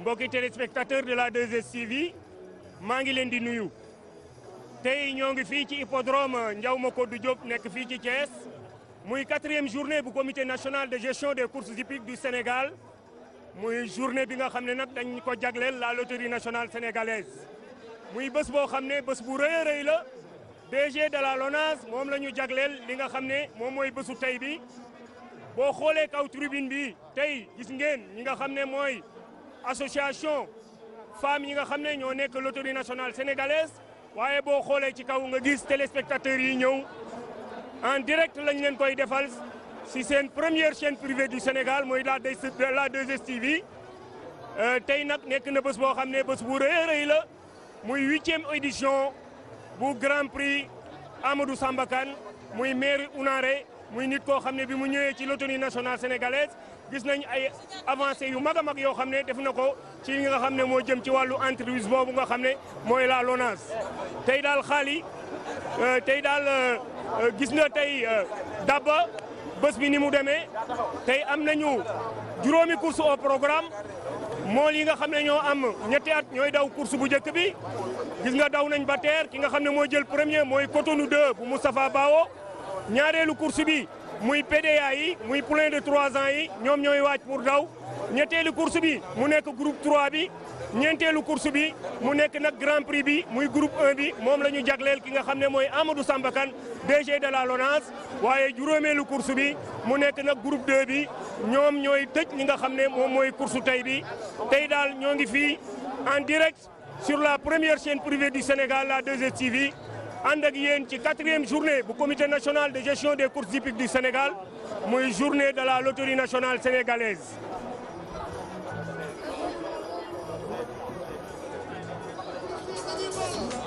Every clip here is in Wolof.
mbokki téléspectateur de la 2STV maa ngi leen di nuyu tey ñoo ngi fii ci hippodrome Ndiaw Macodou Diop nekk fii ci Thiès muy quatrième journée bu comité national de gestion des courses hippiques du Sénégal muy journée bi nga xam ne nag dañ ko jagleel la loterie nationale sénégalaise muy bés boo xam ne bés bu rëy rëy la DG de la LONASE moom la ñu jagleel li nga xam ne moom mooy bésu tey bi boo xoolee kaw tribune bi tey gis ngeen ñi nga xam ne mooy association femmes yi nga xam ne ñoo nekk loterie national sénégalaise waaye boo xoolee ci kaw nga gis téléspectateurs yi ñëw en direct lañ leen koy defal si seen première chaîne privée du Sénégal mooy la la 2STV euh, tey nag nekk na bés boo xam ne bés bu rëy rëy la muy huitième édition bu Grand Prix Amadou Samba Kane muy maire Hounaré muy nit koo xam ne bi mu ñëwee ci loterie national sénégalaise gis nañ ay avancé yu mag a mag yoo xam ne def na ko ci li nga xam ne moo jëm ci wàllu entreprise boobu nga xam ne mooy la LONASE tey daal xaali euh, tey daal euh, gis na tey euh, dabba bës bi ni mu demee tey am nañu juróomi course au programme mool yi nga xam ne ñoo am ñetti at ñooy daw course bu njëkk bi gis nga daw nañ ba teer ki nga xam ne mooy jël premier mooy Cotonou 2 bu Moustapha Bawo ñaareelu course bi muy PDA yi muy poulain de trois ans yi ñoom ñooy waaj pour daw ñetteelu course bi mu nekk groupe trois bi ñeenteelu course bi mu nekk nag grand prix bi muy groupe 1 bi moom la jagleel ki nga xam ne mooy Amadou Samba Kane DG de la LONASE waaye juróomeelu course bi mu nekk nag groupe bi ñoom ñooy tëj li nga xam ne moom mooy course tey bi tey daal ñoo ngi fii en direct sur la première chaîne privée du Sénégal la 2STV ànd ak yéen ci quatrième journée bu comité national de gestion des courses hippiques du Sénégal muy journée de la loterie nationale sénégalaise.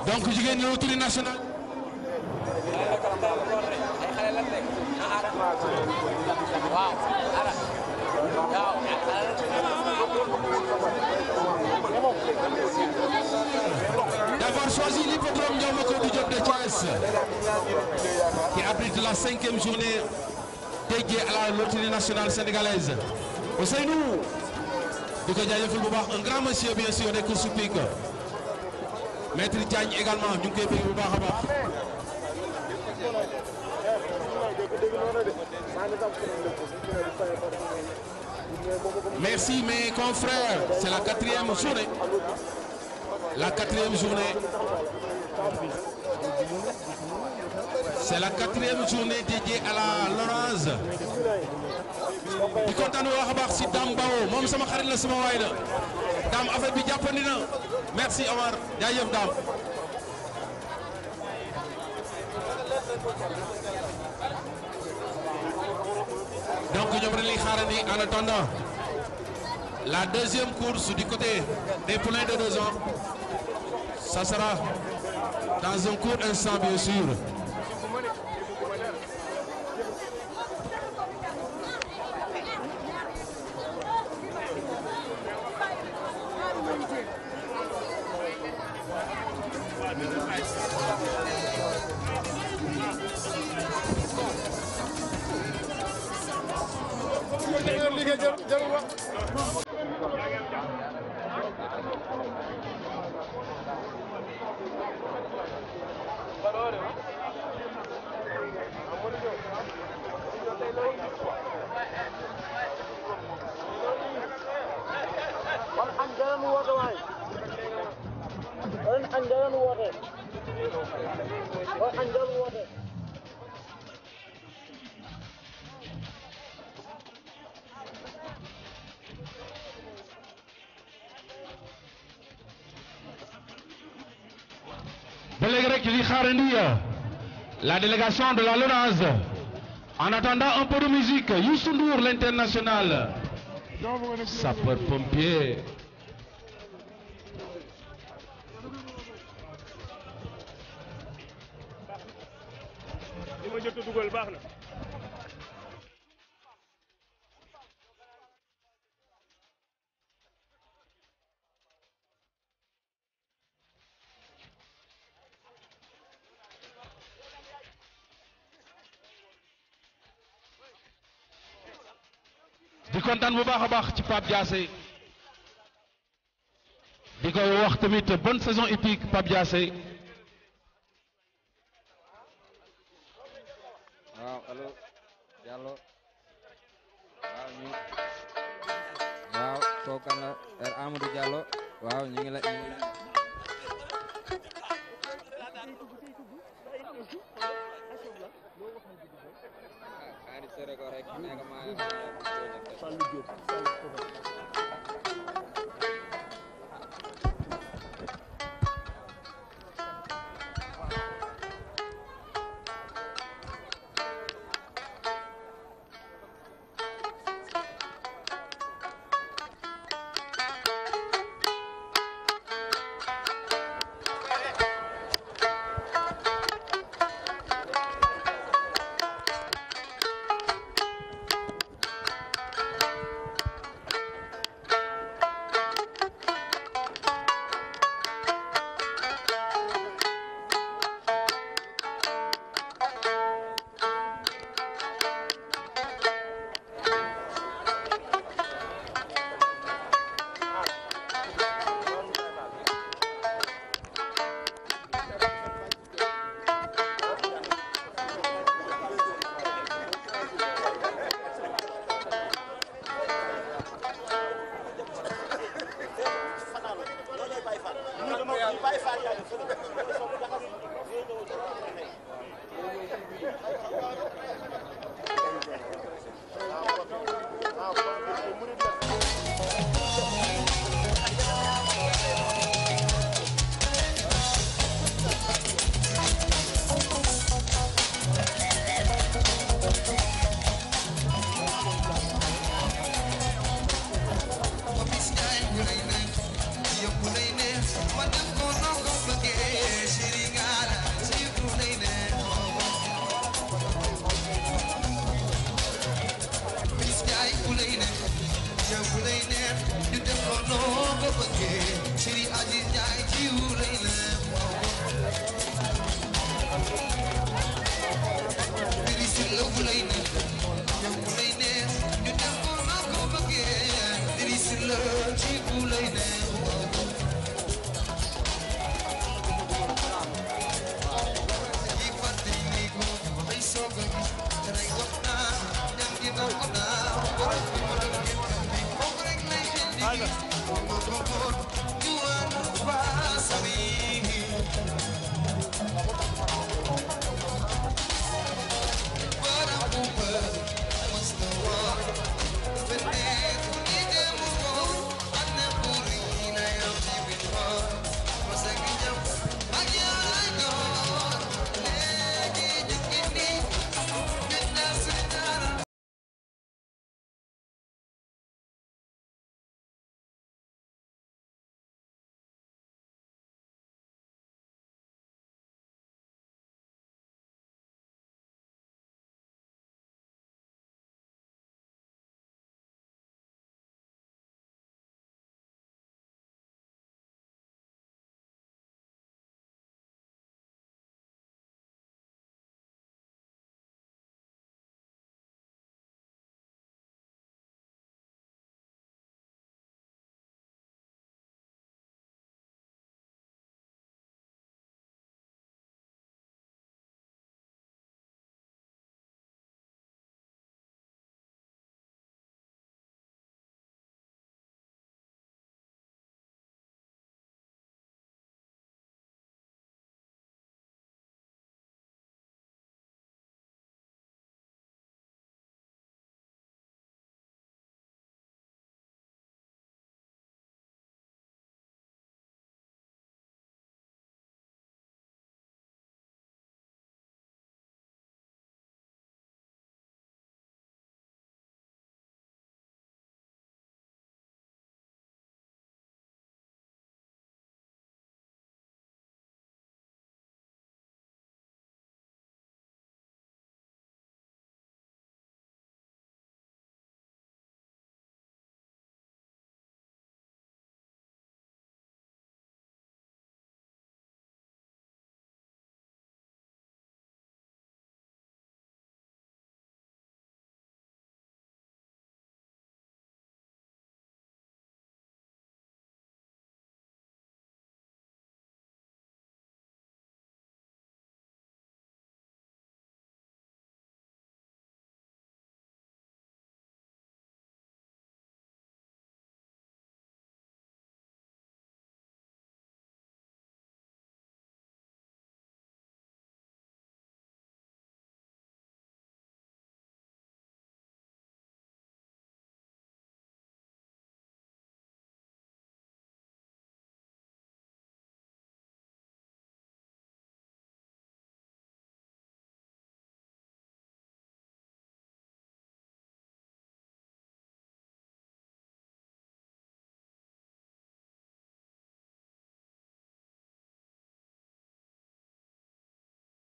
donc jigéen Thiès qui abrite la cinquième journée dédiée à la loterie nationale sénégalaise Ousseynou di ko jaajëfal bu baax un grand Merci mes confrères, c'est la quatrième journée. La quatrième journée. C'est la quatrième journée dédiée à la Lonase di kontaan bu baax a si Dame moom sama xarit la sama waay la affaire bi jàppandi na merci Omar jaajëf Dame. donc ñoom dañuy xaarandi en attendant la deuxième course du côté des poulains de deux ans ça sera. dans un court instant bien sûr délégation de la LONASE. En attendant un peu de musique, Youssou Ndour, l'international. Sapeur-pompier. kontaan bu baax a baax ci Pape Diassé wax tamit bonne saison hippique Pape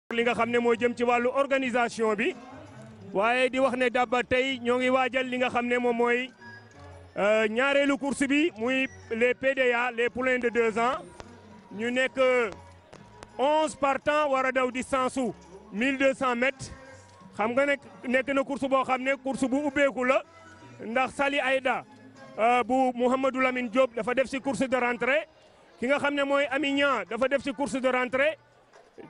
li nga xam ne moo jëm ci wàllu organisation bi waaye di wax ne Daba tey ñoo ngi waajal li nga xam ne moom mooy euh, ñaareelu course bi muy les PDA les poulains de deux ñu nekk onze partants war a daw distance su mille deux cent mètres xam nga nek nekk na course boo xam ne course bu ubbeeku la ndax Sali Aïda euh, bu Mouhamadou Lamine Diop dafa def si course de rentrée ki nga xam ne mooy Amignan dafa def si course de rentrée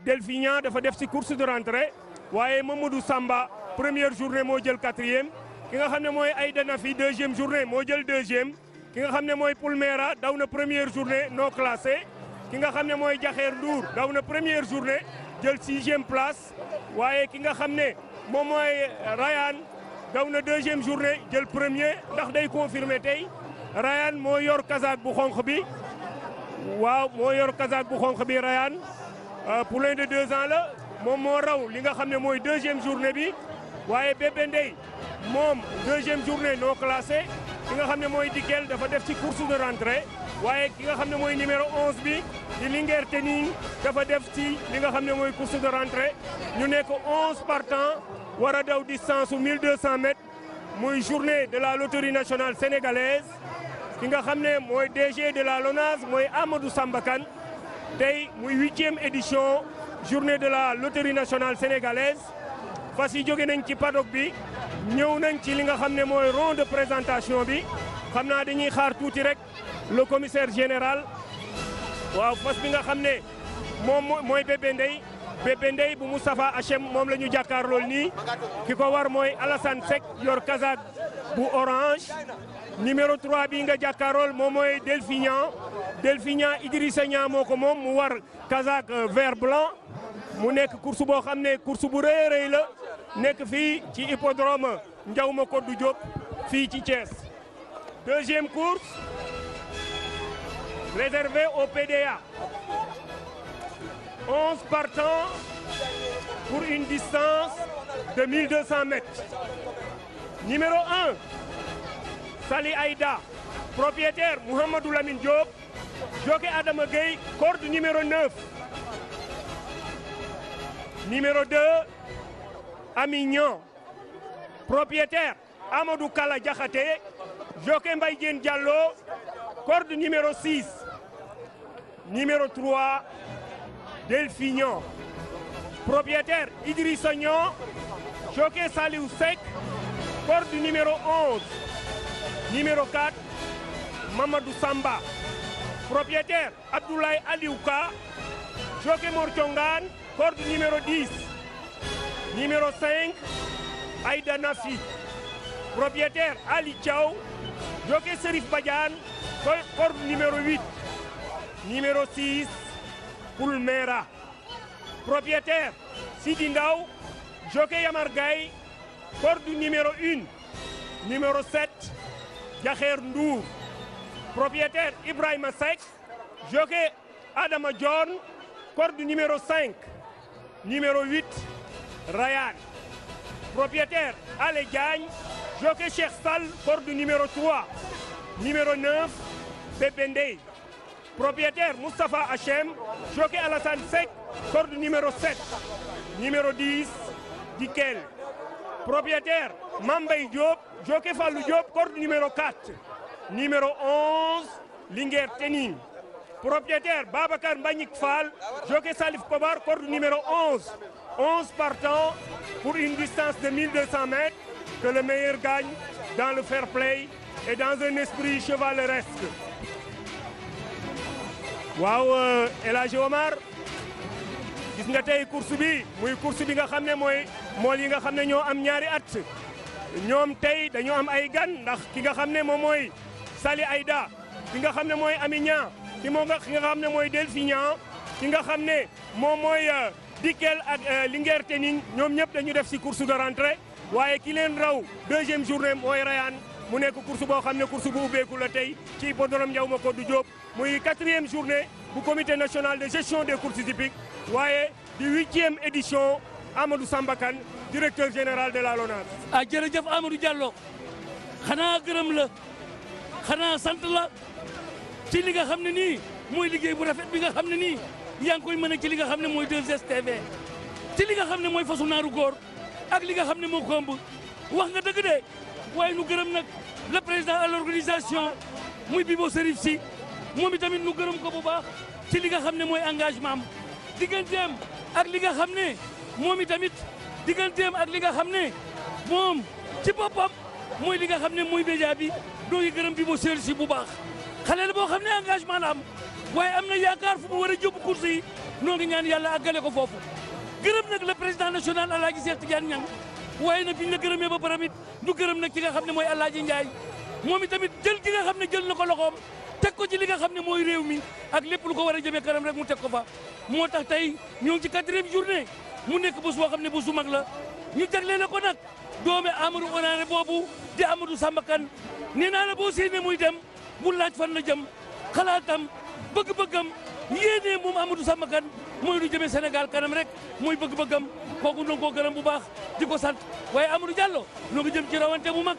Delphine dafa def si course de rentrée waaye Mamadou Samba première journée moo jël quatrième ki nga xam ne mooy ay Aïda Nafi deuxième journée moo jël deuxième ki nga xam ne mooy Poulmera daw na première journée noo classé ki nga xam ne mooy Jaxeer Ndour daw na première journée jël sixième place waaye ki nga xam ne moo mooy Rayane daw na deuxième journée jël premier ndax day confirmé tey Rayane moo yor kazaak bu xonq bi waaw moo yor kazaak bu xonq bi Rayane Euh, poulain de deux ans la moom moo raw li nga xam ne mooy deuxième journée bi waaye bébé ndey moom deuxième journée non classé ki nga xam ne mooy di Digel dafa def ci course de rentrée waaye ki nga xam ne mooy numéro 11 bi di Linguère Tening dafa def ci li nga xam ne mooy course de rentrée ñu nekk 11 partants war a daw distance su 1200 mètres muy journée de la loterie nationale sénégalaise ki nga xam ne mooy DG de la LONASE mooy amadu Samba Kane tey muy huitième édition journée de la loterie nationale sénégalaise fas yi jóge nañ ci paddock bi ñëw nañ ci li nga xam ne mooy rond présentation bi xam naa dañuy xaar tuuti rek le général waaw fas bi nga xam ne moom mooy bébé ndey bébé ndey bu Moustapha Hachem moom la ñu jàkkaarlool nii ki ko war mooy Alassane Seck yor kazak bu orange numéro 3 bii nga jàkkaarool moom mooy Delphinian Delphinian Idrissa moo ko moom mu war kazak euh, vert blanc mu nekk course boo xam ne course bu rëy rëy la nekk fii ci hippodrome Ndiawma Koddu Diop fii ci Thiès deuxième course réservée au PDA pour une distance de 1200 numéro Sali Aïda propriétaire Mouhamadou Lamine Diop jockey Adama Gueye corde numéro numéro 2 Amignan propriétaire Amadou Kala Diakhaté jockey Mbaye Diène Diallo corde numéro 6 numéro 3 Delphignon propriétaire Idrissa Niang jockey Saliou Seck corde numéro Numéro 4, Mamadou Samba. Propriétaire, Abdoulaye Aliouka. Joké Mortongan, corde numéro 10. Numéro 5, Nafi. Propriétaire, Ali Tchao. Joké Serif Badian, corde numéro 8. Numéro 6, Poulmera. Propriétaire, Sidindao. Joké Yamargaï, corde numéro 1. Numéro 7, Jaxeer Ndour propriétaire Ibrahima Seck jockey Adama Dione corde numéro numéro 8 Rayan propriétaire Ale Diagne jockey Cheikh Sall corde numéro numéro 9 Bébé Ndeye propriétaire Moustapha Hachem jockey Alassane Seck corde numéro 7 numéro 10 Dikel propriétaire Mambay Diop Joké Fallou Diop corde numéro 4 numéro 11 Linguère Tening propriétaire Babacar Mbagnick Fall Joké Salif Kobar corde numéro 11 11 pour une distance de mètres que le meilleur gagne dans le fair play et dans un esprit chevaleresque waaw euh, El Hadj Omar gis nga tey course bi muy course bi nga xam ne mooy mool yi nga xam ne ñoo am ñaari at ñoom tey dañoo am ay gan ndax ki nga xam ne moom mooy Sali Aïda ki nga xam ne mooy Ami Niang ki moo nga ki nga xam ne mooy Delphi Niang ki nga xam ne moom mooy euh, Dikel ak euh, Linguère Tening ñoom ñëpp dañu def si course de rentrée waaye ki leen raw deuxième journée mooy Rayane mu nekk course boo xam ne course bu ubbeeku la tey ci hippodrome Ndiaw Macodou Diop muy quatrième journée bu comité national de gestion des courses hippiques waaye di huitième édition Amadou Samba Kane directeur général de la LONASE. ah jërëjëf Amadou Diallo xanaa gërëm la xanaa sant la ci li nga xam ne nii mooy liggéey bu rafet bi nga xam ne nii yaa ngi koy mën a ci li nga xam ne mooy 2STV ci li nga xam ne mooy fasu naaru góor ak li nga xam ne moo ko wax nga dëgg de waaye nu gërëm nag le président à l'organisation muy Bibo Serif si moom i tamit nu gërëm ko bu baax ci li nga xam ne mooy engagement am ak li nga xam ne moom i tamit digganteem ak li nga xam ne moom ci boppam mooy li nga xam ne mooy média bi doo ngi gërëm bi mu seetlu si bu baax xale la boo xam ne engagement la am waaye am na yaakaar fu mu war a jóbbu course yi noo ngi ñaan yàlla àggale ko foofu gërëm nag le président national Alaaji Cheikh Tidiane Niang waaye nag bi ñu la gërëmee ba paramit du gërëm nag ki nga xam ne mooy Alaaji Ndiaye moom itamit jël ki nga xam ne jël na ko loxoom teg ko ci li nga xam ne mooy réew mi ak lépp lu ko war a jëmee kanam rek mu teg ko fa moo tax tey ñoo ngi ci quatrième journée mu nekk bés boo xam ne bésu mag la ñu jagleel ko nag doome Amadou Onaare boobu di Amadou Samba Kane nee naa la boo ne muy dem mu laaj fan la jëm tam bëgg-bëggam. yéenee moom Amadou Samba Kane mooy lu jëmee Sénégal kanam rek muy bëgg-bëggam kooku doon koo gërëm bu baax di ko sant waaye Amadou jàllo noo ngi jëm ci rawante mu mag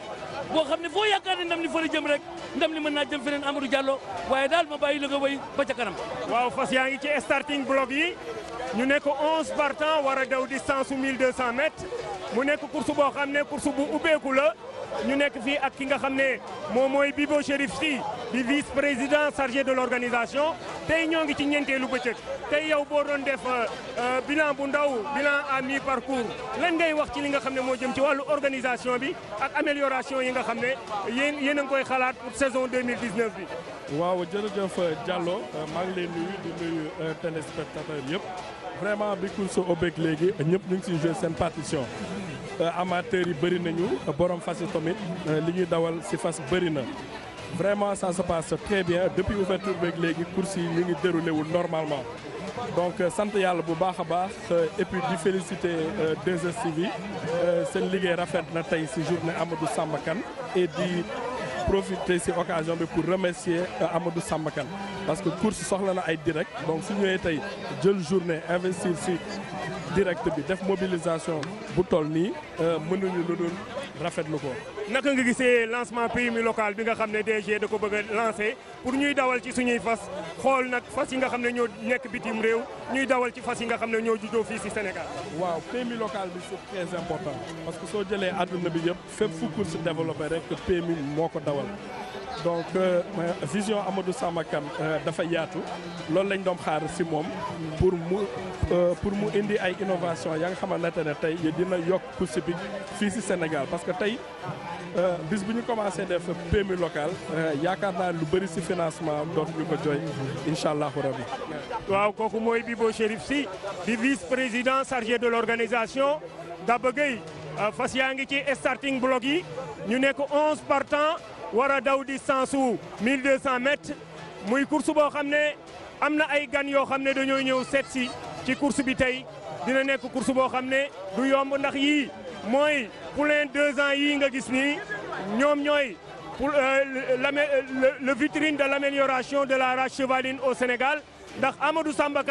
boo xam ne foo yaakaar ne ndam ni fa la jëm rek ndam li mën naa jëm feneen Amadou jàllo waaye daal ma bàyyi la nga wéy ba ca kanam waaw fas yaa ngi ci starting block yi ñu nekk 11 partants war a daw distance su 1200 mètres mu nekk course boo xam ne course bu ubbeeku la ñu nekk fii ak ki nga xam ne moom mooy Bibo Chérif Sy di vice président chargé de l'organisation tey ñoo ngi ci ñeenteelu bëccëg tey yow boo doon def euh, euh, bilan bu ndaw bilan à mi parcours lan ngay wax ci li nga xam ne moo jëm ci wàllu organisation bi ak amélioration yi nga xam ne yéen yéen a ngi koy xalaat pour saison 2019 bi. waaw jërëjëf euh, Diallo maa ngi lay di nuyu téléspectateurs yëpp vraiment bi course au léegi ñëpp ñu ngi si joué seen partition. Euh, amateurs yi bëri nañu euh, borom fas yi tamit euh, li ñuy dawal si fas bëri na. vraiment ça se passe très bien depuis ouverture beeg léegi course yi ñu ngi déroulé wul normalement donc sant yàlla bu baax a baax et puis di féliciter 2STV seen liggéey rafet na tey si journée Amadou Samba Kane et di profiter si occasion bi pour remercier Amadou Samba parce que course soxla na ay direct donc su ñëwee tey jël journée investir si direct bi def mobilisation bu toll nii euh, mënuñu lu dul rafetlu ko. naka nga gisee lancement PMI local bi nga xam ne DG da ko bëgg a lancé pour ñuy dawal ci suñuy fas xool nag fas yi nga xam ne ñoo nekk bitim réew ñuy dawal ci fas yi nga xam ne ñoo jujoo fii si Sénégal. waaw PMI local bi c'est très important parce que soo jëlee àdduna bi yëpp fépp fu course développé rek PMI moo ko dawal. donc euh, euh, vision Amadou Samba euh, dafa yaatu loolu lañ doon xaar si moom pour mu pour mu indi ay innovation ya nga xamante ne tey dina yokk course bi fii si Sénégal parce que tey bis bu ñu commencé def PMI local yaakaar naa lu bëri si financement dootuñu ko jooy incha allahu rabi. waaw kooku mooy Bibo Chérif si di vice président chargé de l' organisation Daba fas yaa ngi ci starting block yi ñu nekk 11 partants. war a daw distance su 1200 mètres muy course boo xam ne am na ay gan yoo xam ne dañoo ñëw seet si ci course bi tey dina nekk course boo xam ne du yomb ndax yii mooy poulain deux ans yii nga gis nii ñoom ñooy pour euh, euh, le vitrine de l' amélioration de la race chevaline au Sénégal ndax Amadou Samba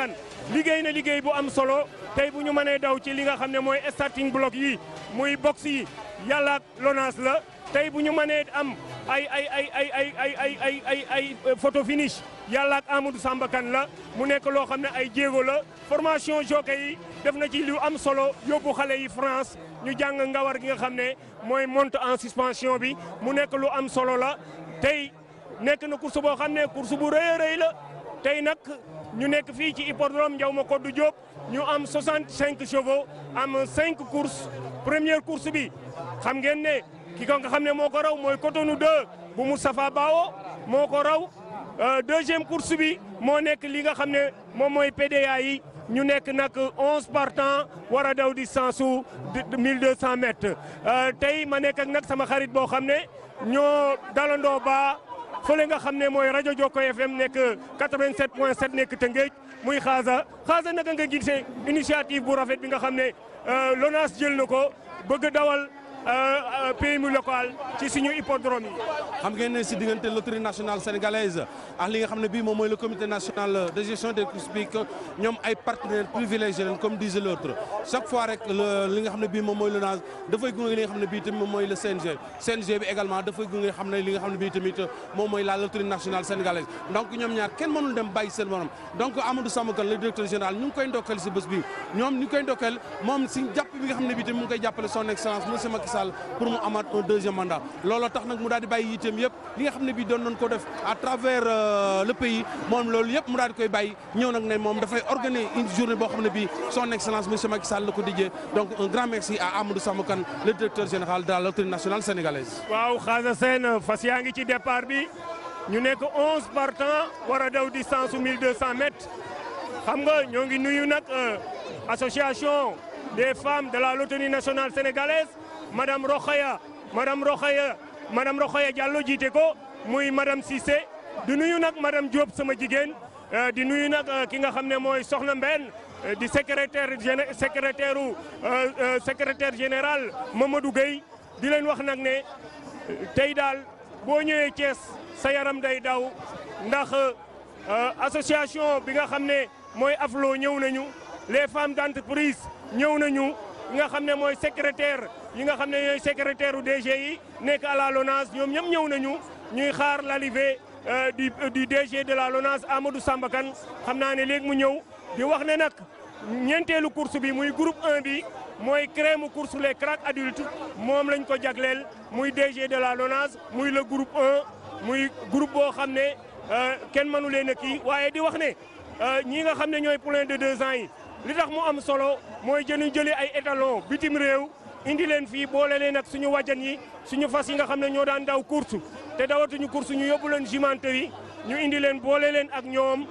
liggéey na liggéey bu am solo tey bu ñu mënee daw ci li nga xam ne mooy starting block yi muy box yi yàlla ak la. tey bu ñu mënee am ay ay ay ay ay ay ay ay ay ay photo finish yàlla ak Amadou Samba Kane la mu nekk loo xam ne ay jéego la formation jockey yi def na ci lu am solo yóbbu xale yi France ñu jàng war gi nga xam ne mooy monte en suspension bi mu nekk lu am solo la tey nekk na course boo xam ne course bu rëy rëy la tey nag ñu nekk fii ci hippodrome Ndiawma Koddu Diop ñu am cinq chevaux am cinq courses première course bi xam ngeen ne. ki ko nga xam ne moo ko raw mooy Cotonou 2 bu Moustapha Bao moo ko raw euh, deuxième course bi moo nekk li nga xam ne moom mooy PDA yi ñu nekk nag onze partants war a daw distance su mille deux cent mètres euh, tey ma nekk ak sama xarit boo xam ne ñoo dalandoo ba fële nga xam ne mooy rajo Jokko FM nekk 87 point 7 nekk Tëngéej muy xaasa xaasa naka nga gisee initiative bu rafet bi nga xam ne euh, LONASE jël na ko bëgg dawal. Euh, euh, PMI local ci suñu hippodrome xam ngeen si diggante loterie nationale sénégalaise ak li nga xam ne bii moom mooy le comité de gestion des courses ñoom ay partenaires privilégiés lañ comme disait l'autre chaque fois rek li nga xam ne bii moom mooy l'ONAS dafay gunge li nga xam ne bii tamit moom la loterie nationale sénégalaise donc ñoom ñaar kenn mënul dem bàyyi seen morom donc Amadou Samba Kane directeur général ñu koy ndokkeel si bés bi Macky Sall pour mu amaat un deuxième mandat looloo tax nag mu daal di bàyyi yitteem yëpp li nga xam ne bii doon nañ ko def a travers euh, le pays moom loolu yëpp mu daal koy bàyyi ñëw nag ne moom dafay organiser une journée boo xam ne bii son excellence monsieur Macky Sall la ko dijjee donc un grand merci à Amadou Samba Kane le directeur général de la loterie nationale sénégalaise. waaw xaasa seen fas yaa ngi ci départ bi ñu nekk 11 partants war a daw distance su xam nga ñoo ngi nuyu euh, madame Rokhaya madame Rokhaya madame Rokhaya Diallo jiite ko muy madame Cissé di nuyu nag madame Diop sama jigéen euh, di nuyu nag euh, ki nga xam ne mooy Soxna Mbène euh, di secrétaire géné secrétaire secrétaire général Mamadou Gueye di leen wax nag ne tey daal boo ñëwee Thiès sa yaram day daw ndax association bi nga xam ne mooy AFLO ñëw nañu les femmes d'entreprise ñëw nañu nga xam ne mooy secrétaire ñi nga xam ne ñooy secrétaire u DG yi nekk à la LONASE ñoom ñëpp ñëw nañu ñuy xaar l'arrivée euh, du euh, du DG de la LONASE Amadou Samba Kane xam naa ne léegi mu ñëw di wax ne nag ñeenteelu course bi muy groupe 1 bi mooy crème course le cracks adultes moom lañ ko jagleel muy DG de la LONASE muy le groupe 1 muy groupe boo xam ne euh, kenn mënu leen a kii waaye di wax ne ñi nga xam ne ñooy poulain de deux ans yi li tax mu am solo mooy jëni jëli ay étalon bitim réew indi leen fii boole leen ak suñu wajan yi suñu fas yi nga xam ne ñoo daan daw course te dawatuñu course ñu yóbbu leen yi ñu indi leen boole leen ak ñoom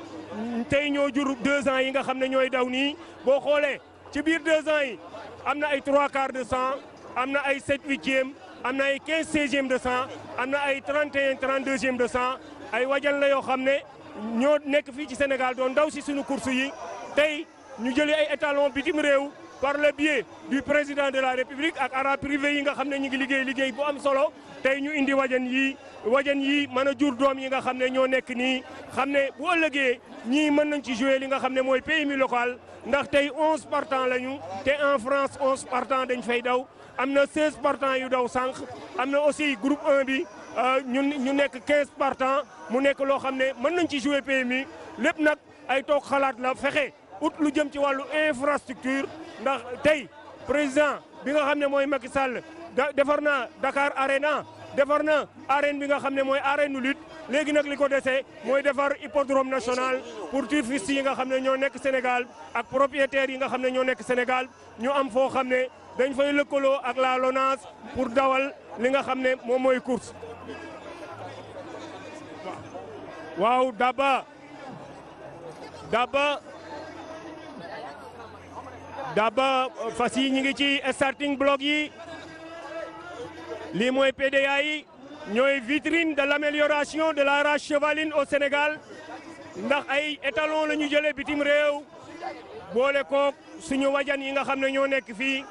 tey ñoo jur deux ans yi nga xam ne ñooy daw nii boo xoolee ci biir deux ans yi am na ay trois quarts de cent am na ay sept huitième am na ay quinze seizième de am na ay trente et un deuxième de cent ay wajan la yoo xam ne ñoo nekk fii ci Sénégal doon daw si suñu course yi tey ñu jëlee ay étalon bitim réew par le biais du président de la république ak ara privé yi nga xam ne ñu ngi liggéey liggéey bu am solo tey ñu indi wajan yi wajan yi mën a jur doom yi nga xam ne ñoo nekk nii xam ne bu ëllëgee ñii mën nañ ci jouer li nga xam ne mooy PMI local ndax tey 11 partants lañu te en France 11 partants dañ fay daw am na 16 partant yu daw sànq am na aussi groupe 1 bi euh, ñun ñu nekk 15 partants mu nekk loo xam ne mën nañ ci jouer PMI lépp nag ay toog xalaat la fexe ut lu jëm ci wàllu infrastructure ndax tey président bi nga xam ne mooy Macky Sall defar na Dakar Arena defar na arène bi nga xam ne mooy arène nu léegi nag li ko dese mooy defar hippodrome national pour turfistes yi nga xam ne ñoo nekk Sénégal ak propriétaires yi nga xam ne ñoo nekk Sénégal ñu am foo xam ne dañ fay lëkkaloo ak la LONASE pour dawal li nga xam ne moom mooy course waaw Daba Daba Daba fas yi ñu ngi ci starting block yi lii mooy PDA yi ñooy vitrine de l' amélioration de la race chevaline au Sénégal ndax ay étalon la ñu jëlee bitim réew boole kook suñu wajan yi nga xam ne ñoo nekk fii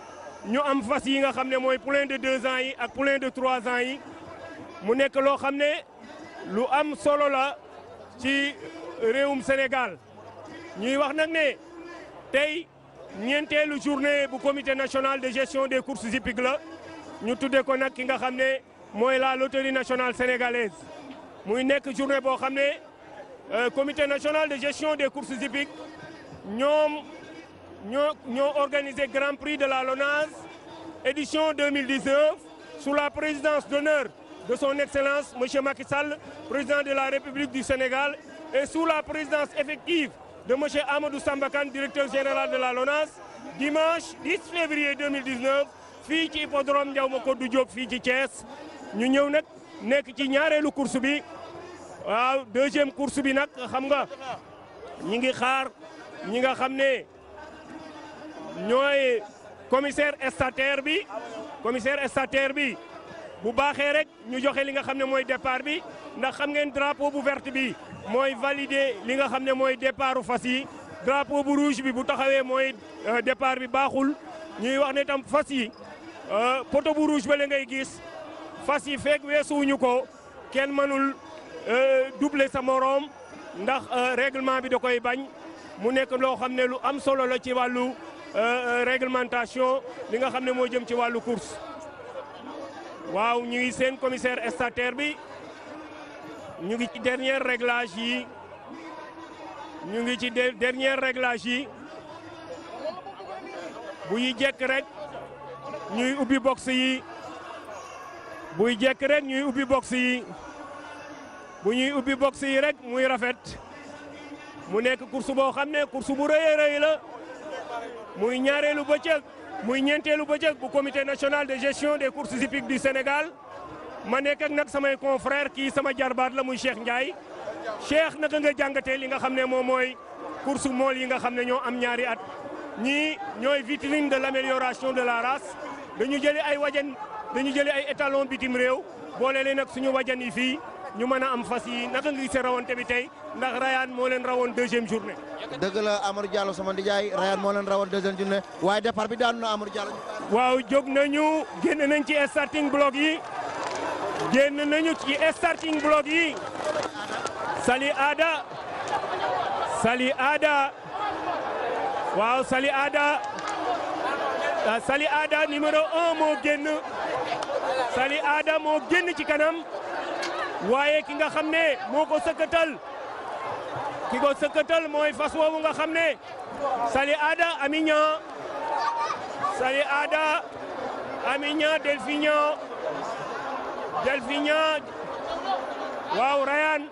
ñu am fas yi nga xam ne mooy poulain de deux ans yi ak poulain de trois ans yi mu nekk loo xam ne lu am solo la ci réewum Sénégal ñuy wax nag ne tey. ñeenteelu journée bu comité national de gestion des courses hippiques la ñu tuddee ko nag ki nga xam ne mooy la loterie nationale sénégalaise muy nekk journée boo xam ne euh, comité national de gestion des courses hippiques ñoom ñoo ñoo organisé grand prix de la LONASE édition 2019 sous la présidence d'honneur de son excellence monsieur Macky Sall président de la République du Sénégal et sous la présidence effective de M. Amadou Sambakan, directeur général de la LONAS, dimanche 10 février 2019 fii ci hippodrome Ndiaw du Diop fii ci Thiès ñu ñëw nag nekk ci ñaareelu course bi waaw deuxième course bi nag xam nga ñi ngi xaar ñi nga xam ne ñooy commissaire stataire bi commissaire stataire bi bu baaxee rek ñu joxe li nga xam ne mooy départ bi ndax xam ngeen drapeau bu verte bi mooy valider li nga xam ne mooy départu fas yi drapeau bu rouge bi bu taxawee mooy euh, départ bi baaxul ñuy wax ne tam fas yi euh, poto bu rouge ba la ngay gis fas yi feeg weesuwuñu ko kenn mënul euh, doubler sa moroom ndax règlement bi da koy bañ mu nekk loo xam ne lu am solo la ci wàllu réglementation li nga xam ne moo jëm ci wàllu course waaw ñu seen commissaire stataire bi ñu ngi ci dernier réglage yi ñu ngi ci dernier réglage yi buy jekk rek ñuy ubbi box yi buy jekk rek ñuy ubbi box yi bu ñuy ubbi box yi rek muy rafet mu nekk course boo xam ne course bu rëy a rëy la muy ñaareelu bëccëg muy ñeenteelu bëccëg bu comité national de gestion des courses hippiques du sénegal ma nekk ak nag samay confrère kii sama jarbaat la muy Cheikh Ndiaye Cheikh naka nga jàngatee li nga xam ne moom mooy course mool yi nga xam ne ñoo am ñaari at ñii ñooy vitrine de l'amélioration de la race dañu jëli ay wajan dañu jëli ay étalon bitim réew boole leen ak suñu wajan yi fii ñu mën a am fas yi naka nga gisee rawoon bi tey ndax Rayane moo leen rawoon deuxième journée. dëgg la Amadou Diallo sama ndijaay Rayane moo leen rawoon deuxième journée waaye départ na Amadou Diallo. waaw jóg nañu génn nañ ci starting block génn nañu ci starting block yi Sali aada Sali aada waaw Sali Ada ah, Sali Ada numéro 1 moo génn Sali Ada moo génn ci kanam waaye ki nga xam ne moo ko sëkkatal ki ko sëkkatal mooy fas woowu nga xam ne Sali Ada Amignan Sali Ada Amignan Delphinian Delphinia waaw Rayane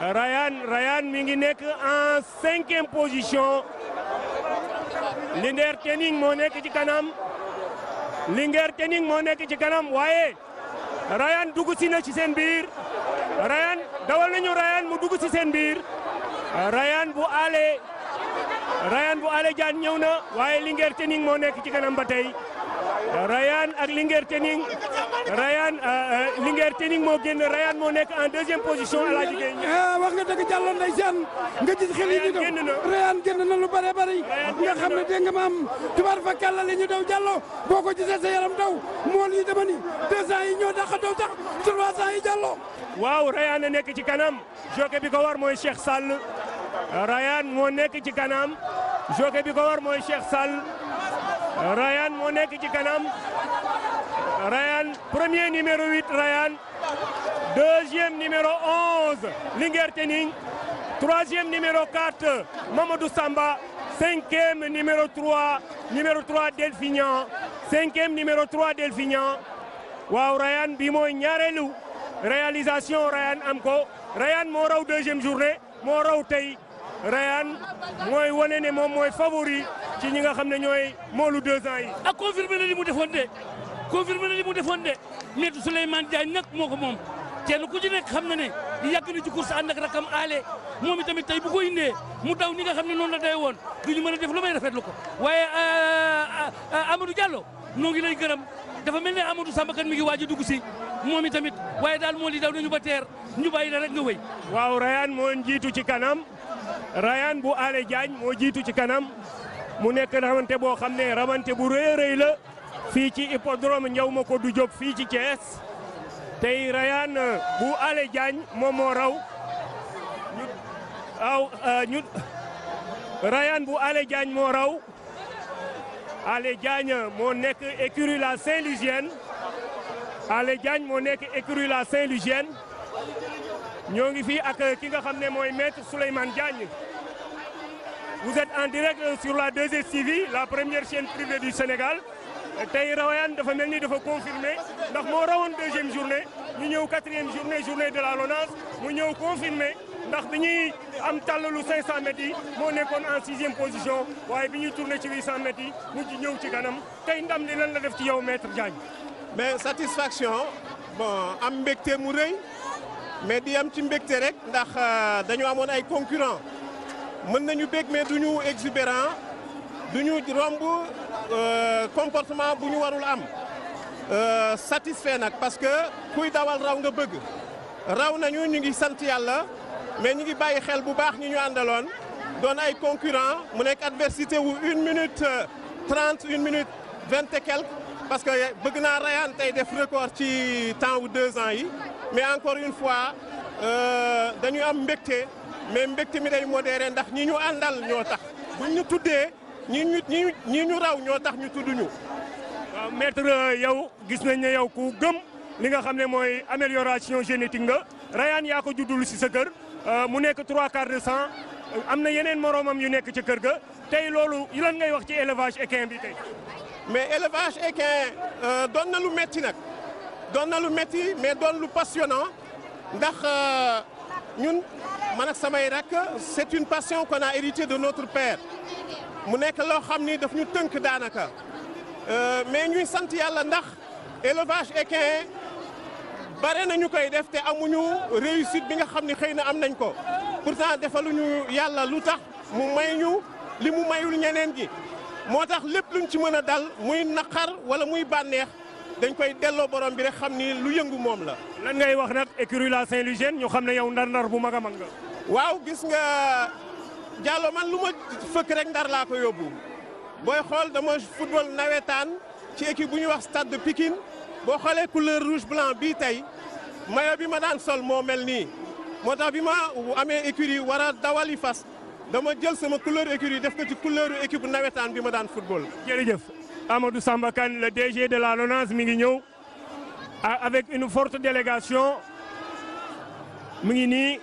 Rayane Rayane mi ngi nekk en cinquième position Linguère Tening moo ci kanam Linguère Tening moo nekk ci kanam waaye Rayane dugg si na ci seen biir dawal nañu Rayane mu dugg ci seen biir Rayane bu ale Rayane bu ale jaan ñëw na waaye Linguère Tening moo nekk ci kanam ba tey Rayane ak Linguère Tening Rayane te Tening moo génn Rayane moo nekk en deuxième position à la jigéen ñi. wax nga dëgg Diallo ndeysaan nga gis xel yi ñu daw Rayane génn na lu bare bari nga xam ne dégg nga maam tubaar fa kàlla la ñu daw Diallo boo ko gisee sa yaram daw mool yi dama ni 200 yi ñoo dàq daw sax 300 yi Diallo. waaw Rayane a nekk ci kanam jockey bi ko war mooy Cheikh Sall Rayane moo nekk ci kanam jockey bi ko war mooy Cheikh Sall. Rayane moo nekk ci kanam Rayane premier numéro 8 Rayane deuxième numéro 11 Linguère Tening troisième numéro 4 Mamadou Samba cinquième numéro 3 numéro 3 Delphinian cinquième numéro 3 Delphinian waaw Rayane bi mooy ñaareelu réalisation Rayane am ko Rayane moo raw deuxième journée moo raw tey Rayane mooy wane ne moom mooy favori ci ñi nga xam ne ñooy moolu deux ans yi. ak confirmé na li mu defoon de confirmé na li mu defoon de maître Souleymane Diagne nag moo ko moom kenn ku ci nekk xam na ne yàgg na ci course ànd ak rakam aale moom itamit tey bu ko indee mu daw ni nga xam ne noonu la day woon du ñu mën a def lu may rafetlu ko waaye euh, euh, euh, Amadou Diallo noo ngi lay gërëm dafa mel ne Amadou Samba Kane mi ngi waaj a dugg si moom i tamit waaye daal moo li daw nañu ba teer ñu yi la rek nga wéy. waaw Rayane moo jiitu ci kanam Rayane bu aale Diagne moo jiitu ci kanam. mu nekk rawante boo xam ne rawante bu rëy a la fii ci hippodrome ñëw ma ko du jóg fii ci Thiès tey Rayane euh, bu Ale Diagne moom moo raw ñu aw euh, bu Ale jaañ moo raw Ale Diagne moo nekk écurie la Saint-Louisienne Ale Diagne moo nekk écurie la Saint-Louisienne ñoo ngi fii ak ki nga xam ne mooy maître Souleymane Diagne Vous êtes en direct euh, sur la 2STV la première chaîne privée du Sénégal euh, tey Rawaan dafa mel ni dafa confirmé ndax moo rawoon deuxième journée ñu ñëw quatrième journée journée de la LONASE mu ñëw confirmé ndax bi ñuy am tàllalu 500 mètres yi moo nekkoon en sixième position waaye bi ñuy tourné ci 800 mètres yi mujj ñëw ci kanam tey ndam li lan la def ci yow maître Diagne. mais satisfaction bon am mbégte mu rëy mais di am ci mbégte rek ndax euh, dañu amoon ay concurrents. mën nañu bég mais du ñu exubérant du ñu romb euh, comportement bu ñu warul am euh, satisfait nag parce que kuy dawal raw nga bëgg raw nañu ñu ngi sant yàlla mais ñu ngi bàyyi xel bu baax ñi ñu àndaloon doon ay concurrent mu nekk adversité wu une minute euh, trente une minute vingt et quelque parce que bëgg naa rayaan tey def record ci temps wu deux ans yi mais encore une fois dañuy am mbégte mais mbégte mi day modéré ndax ñi ñu àndal ñoo tax buñ ñu tuddee ñi ñu ñi ñu raw ñoo tax ñu tudd ñu. waaw maître euh, yow gis nañ ne yow ku gëm li nga xam ne mooy amélioration génétique nga Rayane yaa ko juddul si sa kër euh, mu nekk trois quarts de euh, am na yeneen moroomam yu nekk ci kër ga tey loolu lan ngay wax ci élevage équin bi tey. mais élevage équin doon na lu métti nag doon na lu metti mais doon lu passionnant ndax. ñun man ak samay rakk c'est une passion qu'on a héritée de notre père mu nekk loo xam ni daf ñu tënk daanaka euh, mais ñuy sant yàlla ndax élevage équin bare nañu koy def te amuñu réussite bi nga xam ni xëy na am nañ ko pourtant defaluñu yàlla lu tax mu may ñu li mu mayul ñeneen gi moo tax lépp luñ ci mën a dal muy naqar wala muy bànneex dañ koy delloo borom bi rek xam ni lu yëngu moom la. lan ngay wax nag écurie la Saint-Louisienne ñu xam ne yow ndar-ndar bu mag a mag nga. waaw gis nga Diallo man lu ma fëkk rek ndar laa ko yóbbu booy xool dama football nawetaan ci équipe bu ñuy wax stade de Pikine boo xoolee couleur rouge bulan bii tey maillot bi ma daan sol moo mel nii moo tax bi ma amee écurie war a dawali fas dama jël sama couleur écurie def ko ci couleur équipe nawetaan bi ma daan football. jërëjëf. Amadou Samba la le de la LONASE mi ngi ñëw avec une forte délégation mi ngi nii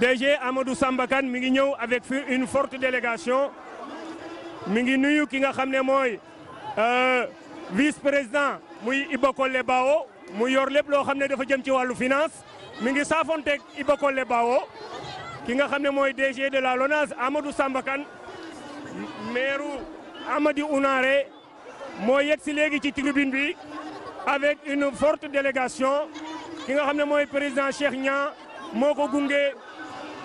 DG Amadou Samba mi ngi ñëw avec une forte délégation mi ngi nuyu ki nga xam ne mooy euh, vice-président muy Iba Collé Bao mu yor lépp loo xam ne dafa jëm ci wàllu finance mi ngi saafonteeg Iba Collé Bao ki nga xam ne mooy DG de la LONASE Amadou Samba Kane maire Amady Ounaré moo yegg si léegi ci tribune bi avec une forte délégation ki nga xam ne mooy président Cheikh ñaa moo ko gunge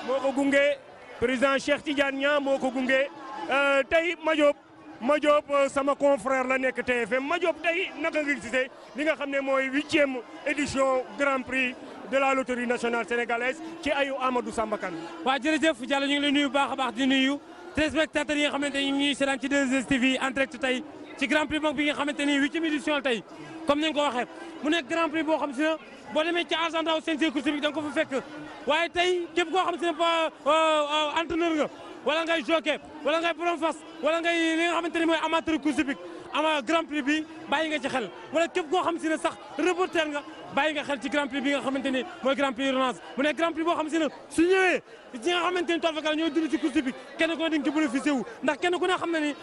moo ko gunge président Cheikh Tidiane Niang moo ko gunge euh, tey Madiop Madiop euh, sama confrère la nekk TFM Madiop tey naka nga gisee li nga xam ne mooy huitième édition Grand Prix de la loterie nationale sénégalaise ci ayu Amadou Samba Kane. waaw jërëjëf Diallo ñu ngi lay nuyu baax a baax di nuyu téléspectateurs yi nga xamante ne ñu ngi seetaan ci 2STV en direct tey. ci grand prix bi nga xamante ni huitième édition tey comme ko waxee boo xam si ne boo demee ci agenda wu seen course bi da nga ko fa fekk waaye tey képp koo xam si ne euh, euh, entraîneur nga wala ngay jockey wala ngay borom fas wala ngay li nga xamante ni mooy amateur course bi ama grand prix bi bàyyi nga ci xel wala képp koo xam si ne sax reporter nga bàyyi nga xel ci grand prix bi nga xamante ni mooy grand prix Renaissance mu grand prix boo xam si ne su ñëwee ñi nga xamante ni tool fakal ñooy dund ci course bi kenn ku ne ci ndax kenn ku ne xam ne ni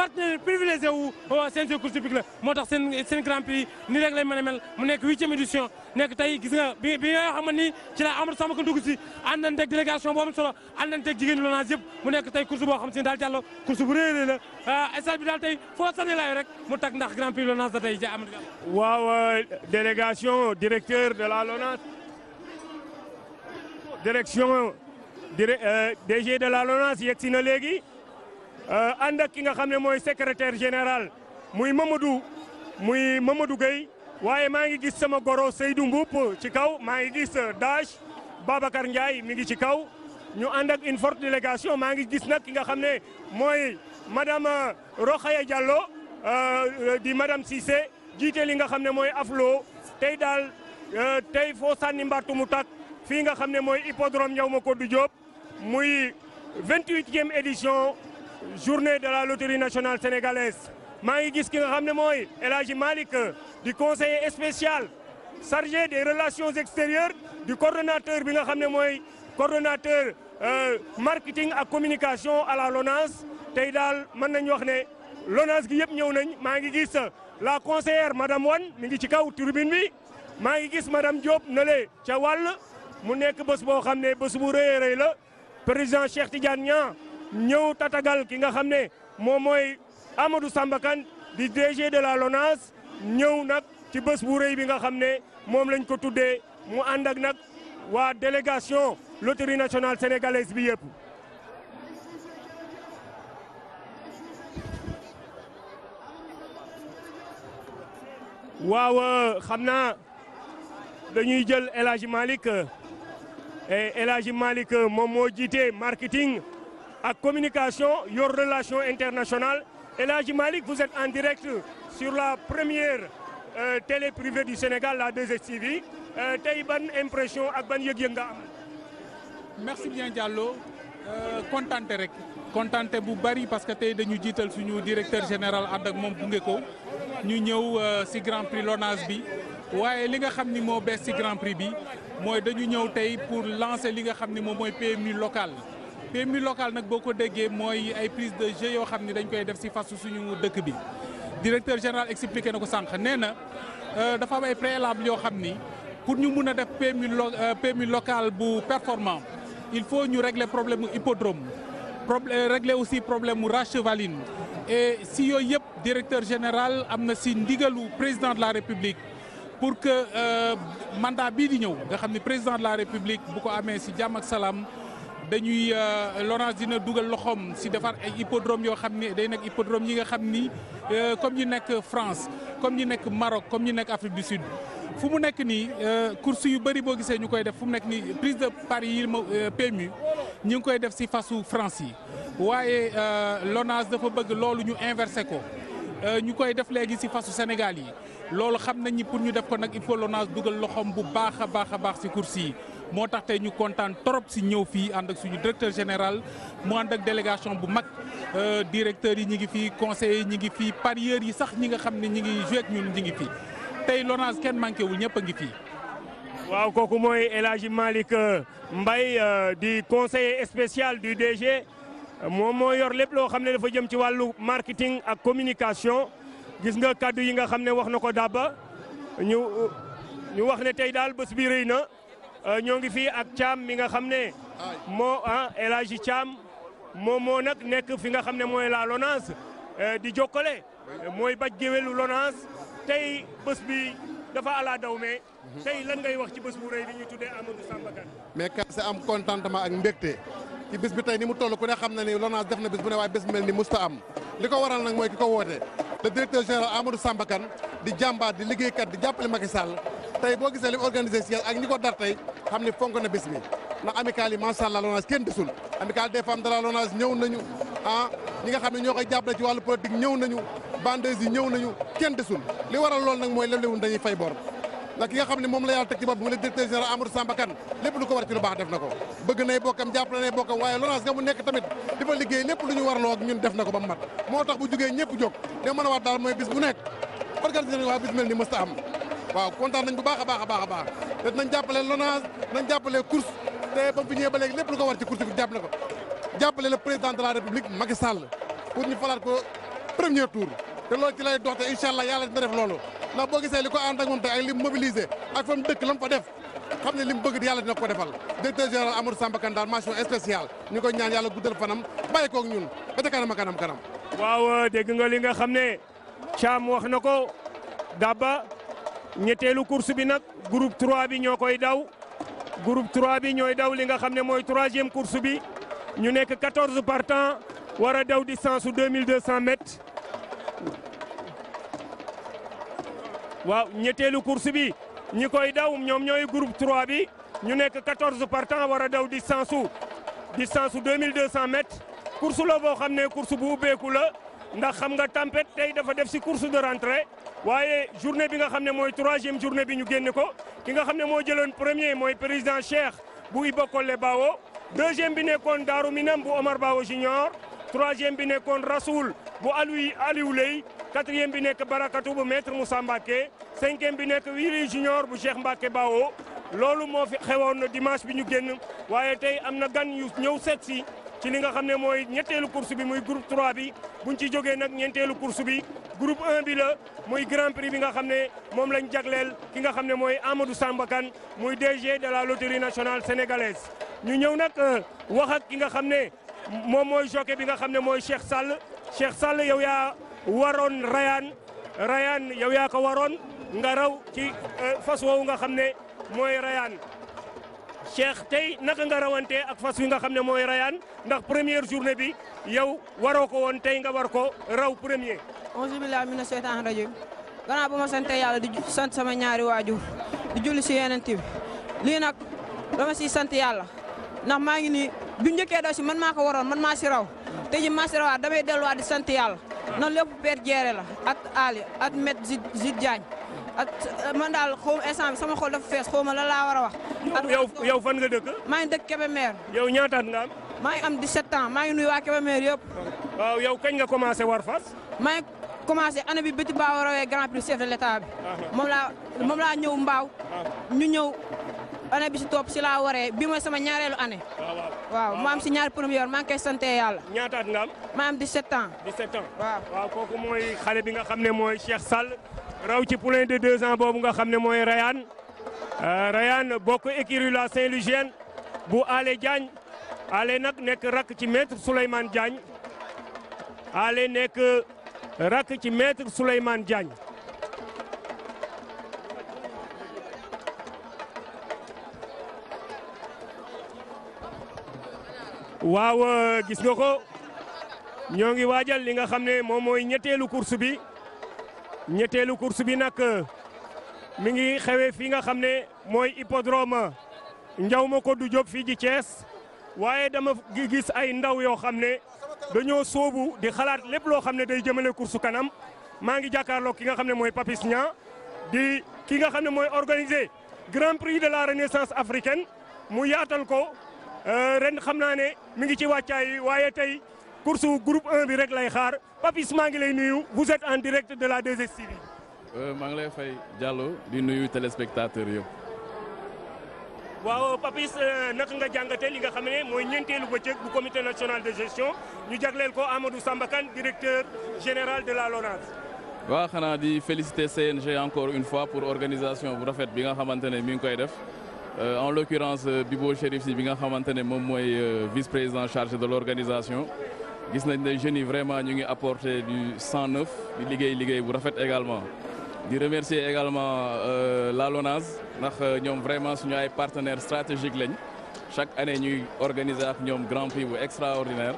partenaire privilégié wu CNG course hippique moo tax seen seen grand prix nii rek lay mën a mu nekk huitième édition nekk tey gis nga bi bi nga xam ne nii ci la Amadou Samba ko dugg si àndanteeg délégation boo am solo àndanteeg jigéen LONASE yëpp mu nekk tey course boo xam si daal jàllo course bu réeré la ah, stade bi daal tey foo sànni laay rek mu tag ndax grand prix LONASE da tey ja Amadou waaw euh, délégation directeur de la LONASE direction DG euh, de la LONASE yegg si na léegi Euh, ànd ak ki nga xam ne mooy secrétaire général muy Mamadou muy Mamadou Gueye waaye maa ngi gis sama goro Seydou Mboup ci kaw maa ngi gis euh, Dash Babacar Ndiaye mi ngi ci kaw ñu ànd ak une forte délégation maa ngi gis nag ki nga xam ne mooy madame euh, Rokhaya Diallo di madame Cissé jiite li nga xam ne mooy aflo tey daal tey foo sànni mbattu mu tàkk fii nga xam ne mooy hippodrome Ndiaw ma Koddu Diop muy 28e journée de la loterie nationale sénégalaise maa ngi gis ki nga xam ne mooy El Hadji Malick di conseiller spécial chargé des relations extérieures di coordonnateur bi nga xam ne mooy coordonnateur euh, marketing ak communication à la LONASE tey daal mën nañu wax ne LONASE gi yëpp ñëw nañ maa ngi gis la conseillère madame Wane mi ngi ci kaw tribune bi maa ngi gis madame Diop nale ca wàll mu nekk bés boo xam ne bés bu rëy a rëy la président Cheikh Tidiane Niang ñëw tatagal ki nga xam ne moom mooy Amadou Samba Kane di DG de la LONASE ñëw nag ci bës bu rëy bi nga xam ne moom lañ ko tuddee mu ànd ak nag waa délégation loterie nationale sénégalaise bi yëpp. waaw euh, xam naa dañuy jël El Hadj Malick euh, El Hadj Malick euh, moom moo jiite marketing. ak communication yor relation internationale El Hadji Malick vous êtes en direct sur la première euh, télé privée du Sénégal la 2STV euh, tey ban impression ak ban yëg-yëg nga am. merci bien Diallo euh, kontante rek kontante bu bari parce que tey dañu jiital suñu directeur général ànd ak moom gunge ko ñu ñëw euh, ci grand prix Lonase bi. waaye li nga xam ni moo bees ci grand prix bi mooy dañu ñëw tey pour lancer li nga xam ni moom mooy PMU local PMI local nag boo ko déggee mooy ay prise de jeu yoo xam ni dañ koy def ci fasu suñu dëkk bi directeur général expliqué na ko sànq nee na euh, dafa am ay préalable yoo xam ni pour ñu mun a def PMI lo euh, PMI local bu performant il faut ñu régler problème mu hippodrome problème euh, régler aussi problème mu race chevaline et si yooyu yëpp directeur général am na si ndigalu président de la république pour que mandat bii di ñëw nga xam ni président de la république bu ko amee ci jàmm ak salaam. dañuy euh, Lonase dina dugal loxoom si defar ay hippodrome yoo xam ne day nekk hippodrome yi nga xam ni euh, comme ñu nekk France comme ñu nekk Maroc comme ñu nekk Afrique du Sud. fu mu nekk nii euh, course yu bëri boo gisee ñu koy def fu mu nekk nii prise de paris yi ma PMU ñu ngi koy def si fasu France yi waaye Lonase dafa bëgg loolu ñu inversé ko ñu koy def léegi si fasu Sénégal yi loolu xam nañ ñi pour ñu def ko nag il faut Lonase dugal loxoom bu baax a baax a baax si course yi. moo tax te ñu kontaan trop si ñëw fii ànd ak suñu directeur général mu ànd ak délégation bu mag euh, directeurs yi ñi ngi fii conseil yi ñi ngi fii parieurs yi sax ñi nga xam ne ñi ngi joué ñun ñi ngi fii tey Lonase kenn manqué wul ñëpp a ngi fii. waaw kooku mooy El Hadji mbay euh, Mbaye euh, di conseiller spécial du DG moom moo yor lépp loo xam ne dafa jëm ci wàllu marketing ak communication gis nga kàddu yi nga xam ne wax na ko dàbba ñu ñu wax ne tey daal bés bi rëy na. Euh, ñoo ngi fii ak Thiam mi nga xam ne moo ah El Hadji Thiam moo nag nekk fi nga xam ne mooy la LONASE euh, di jokkale mooy baj géwélu LONASE tey bés bi dafa ala daw mais tey lan ngay wax ci bés bu rëy ñu tuddee Amadou Samba Kane mais kase am contentement ak mbégte ci bés bi tey ni mu toll ku ne xam na ni LONASE def na bés bu ne waaye bés mel ni musta am li ko waral nag mooy ki ko woote le directeur général Amadou Samba Kane di jàmbaar di liggéeykat di jàppale Macky Sall tey boo gisee li mu organisé ak ñi ko dar tey xam ni fonk na bis bi ndax amical yi macha allah LONASE kenn desul amical des ñëw nañu ah ñi nga xam ne ñoo koy ci wàllu politique ñëw nañu bandeuse yi ñëw nañu kenn desul li waral loolu nag mooy leblewuñ dañuy fay bor ndax ki nga moom la yàlla teg ci bopp mu la directeur général Amadou Samba Kane lépp lu ko war ci lu baax def na ko bëgg nay bokkam jàppale nay bokkam waaye LONASE nga mu nekk tamit di fa bu jógee ñëpp jóg li mën a wax daal mooy bis am waaw kontaan nañ bu baax a baax a baax te dinañ jàppale LONASE dinañ jàppale course te ba mu ñëwee ba léegi lépp lu ko war ci course bi jàpp ko jàppale le président de la république Macky Sall pour falaat ko premier tour te loolu ci lay dox te incha allah yàlla loolu ndax boo gisee ko ànd ak moom tey ak li mu ak fa mu dëkk la fa def xam ne li mu bëgg yàlla dina ko defal directeur général Amadou Samba Kane daal mention spéciale ñetteelu course bi nag groupe 3 bi ñoo koy daw groupe 3 bi ñooy daw li nga xam ne mooy troisième course bi ñu nekk 14 partants war a daw distance su 2200 mètres waaw ñetteelu course bi ñi koy daw ñoom ñooy groupe 3 bi ñu nekk 14 partants war a daw distance su distance su 2200 mètres course la boo xam ne course bu ubbeeku la. ndax xam nga tempête tey dafa def si course de rentrée waaye journée bi nga xam ne mooy troisième journée bi ñu génn ko ki nga xam ne moo jëloon premier mooy président Cheikh bu Iba Kolle Bawo deuxième bi nekkoon Daaru Minam bu Omar Bawo Junior troisième bi nekkoon Rasoul bu Aliou Aliou Ley quatrième bi nekk Barakatou bu maître Moussa Mbacké cinquième bi nekk Wiri Junior bu Cheikh Mbacké Bawo loolu moo fi xewoon dimanche bi ñu génn waaye tey am na gan yu ñëw seet si ci li nga xam ne mooy ñetteelu course bi muy groupe 3 bi buñ ci jógee nag ñeenteelu course bi groupe 1 bi la muy grand prix bi nga xam ne moom lañ jagleel ki nga xam ne mooy Amadou Samba Kane muy DG de la loterie nationale sénégalaise. ñu ñëw nag euh, wax ak ki nga xam ne moom mooy jockey bi nga xam ne mooy Cheikh Sall Cheikh Sall yow yaa waroon Rayane Rayane yow yaa ka waroon nga raw ci euh, fas woowu nga xam ne mooy rayaan Cheikh tey naka nga rawante ak fas wi nga xam ne mooy rayaan ndax première journée bi yow waroo ko woon tey nga war ko raw premier. auzu billaahi mina seytaani rajiim gannaaw bu ma sante yàlla di sant sama ñaari waajur di julli si yeneen bi lii nag dama sant yàlla ndax maa ngi nii bu njëkkee daw si man maa ko waroon man maa si raw te ji maa si rawaat damay delluwaat di sant yàlla. Ah. non lépp père Diéré la at Ali at Met Zid Diagne. ak euh, man daal xaw ma instant bi sama xol dafa fees xaw ma la laa war a wax. yow yow fan nga dëkk. maa ngi dëkk Kébémer. yow ñaataat nga am. maa ngi am 17 ans maa ngi nuyu waa Kébémer yëpp. waaw kañ nga commencé war fas. maa ngi commencé année bi bëti baaw rawee grand prix chef de l' état bi. Ah. moom laa moom laa mbaaw. Ah. ñu ñëw ane bi si topp si laa waree bi mooy sama ñaareelu année. Ah, waaw ma am si ñaar première maa ngi koy sant yàlla. ñaataat nga am. maa am 17 ans. 17 ans waaw. kooku mooy xale bi nga xam ne mooy Cheikh Sall. raw ci poulain de deux ans boobu nga xam ne mooy Rayane euh, Rayane bokk écurie la Saint-Louisienne bu Ale Diagne Ale nag nekk rakk ci maître Souleymane Diagne Ale nekk rakk ci maître Souleymane Diagne waaw euh, gis nga ko ñoo ngi waajal li nga xam ne moomooy ñetteelu course bi ñetteelu course bi nag mi ngi xewee fii nga xam ne mooy hippodrome njaw ma ko du jóg fii ci Thiès waaye dama gi gis ay ndaw yoo xam ne dañoo sóobu di xalaat lépp loo xam ne day jëmale course kanam maa ngi jàkkaarloo ki nga xam ne mooy Papis ñaa di ki nga xam ne mooy organiser Grand Prix de la Renaissance africaine mu yaatal ko euh, ren xam naa ne mi ngi ci wàccaay waaye tey course groupe 1 bi rek lay xaar Papis maa ngi lay nuyu vous êtes en direct de la 2STV. Euh, maa ngi lay fay Diallo di nuyu téléspectateurs yëpp. waaw Papis euh, naka nga jàngatee li nga xam ne mooy ñeenteelu bëccëg bu comité national de gestion ñu jagleel ko Amadou Samba Kane directeur général de la LONASE. waaw xanaa di féliciter CNG encore une fois pour organisation bu rafet bi nga xamante ne mi ngi koy def euh, en l'occurrence Bibo Chérif si bi nga xamante ne moom mooy vice-président chargé de l'organisation. gis nañ ne jeunes yi vraiment ñu ngi apporter du di liggéey liggéey bu rafet également. di remercier également euh, la LONASE ndax euh, ñoom vraiment suñu ay partenaires stratégiques lañ chaque année ñuy organiser ak ñoom grand prix bu extraordinaire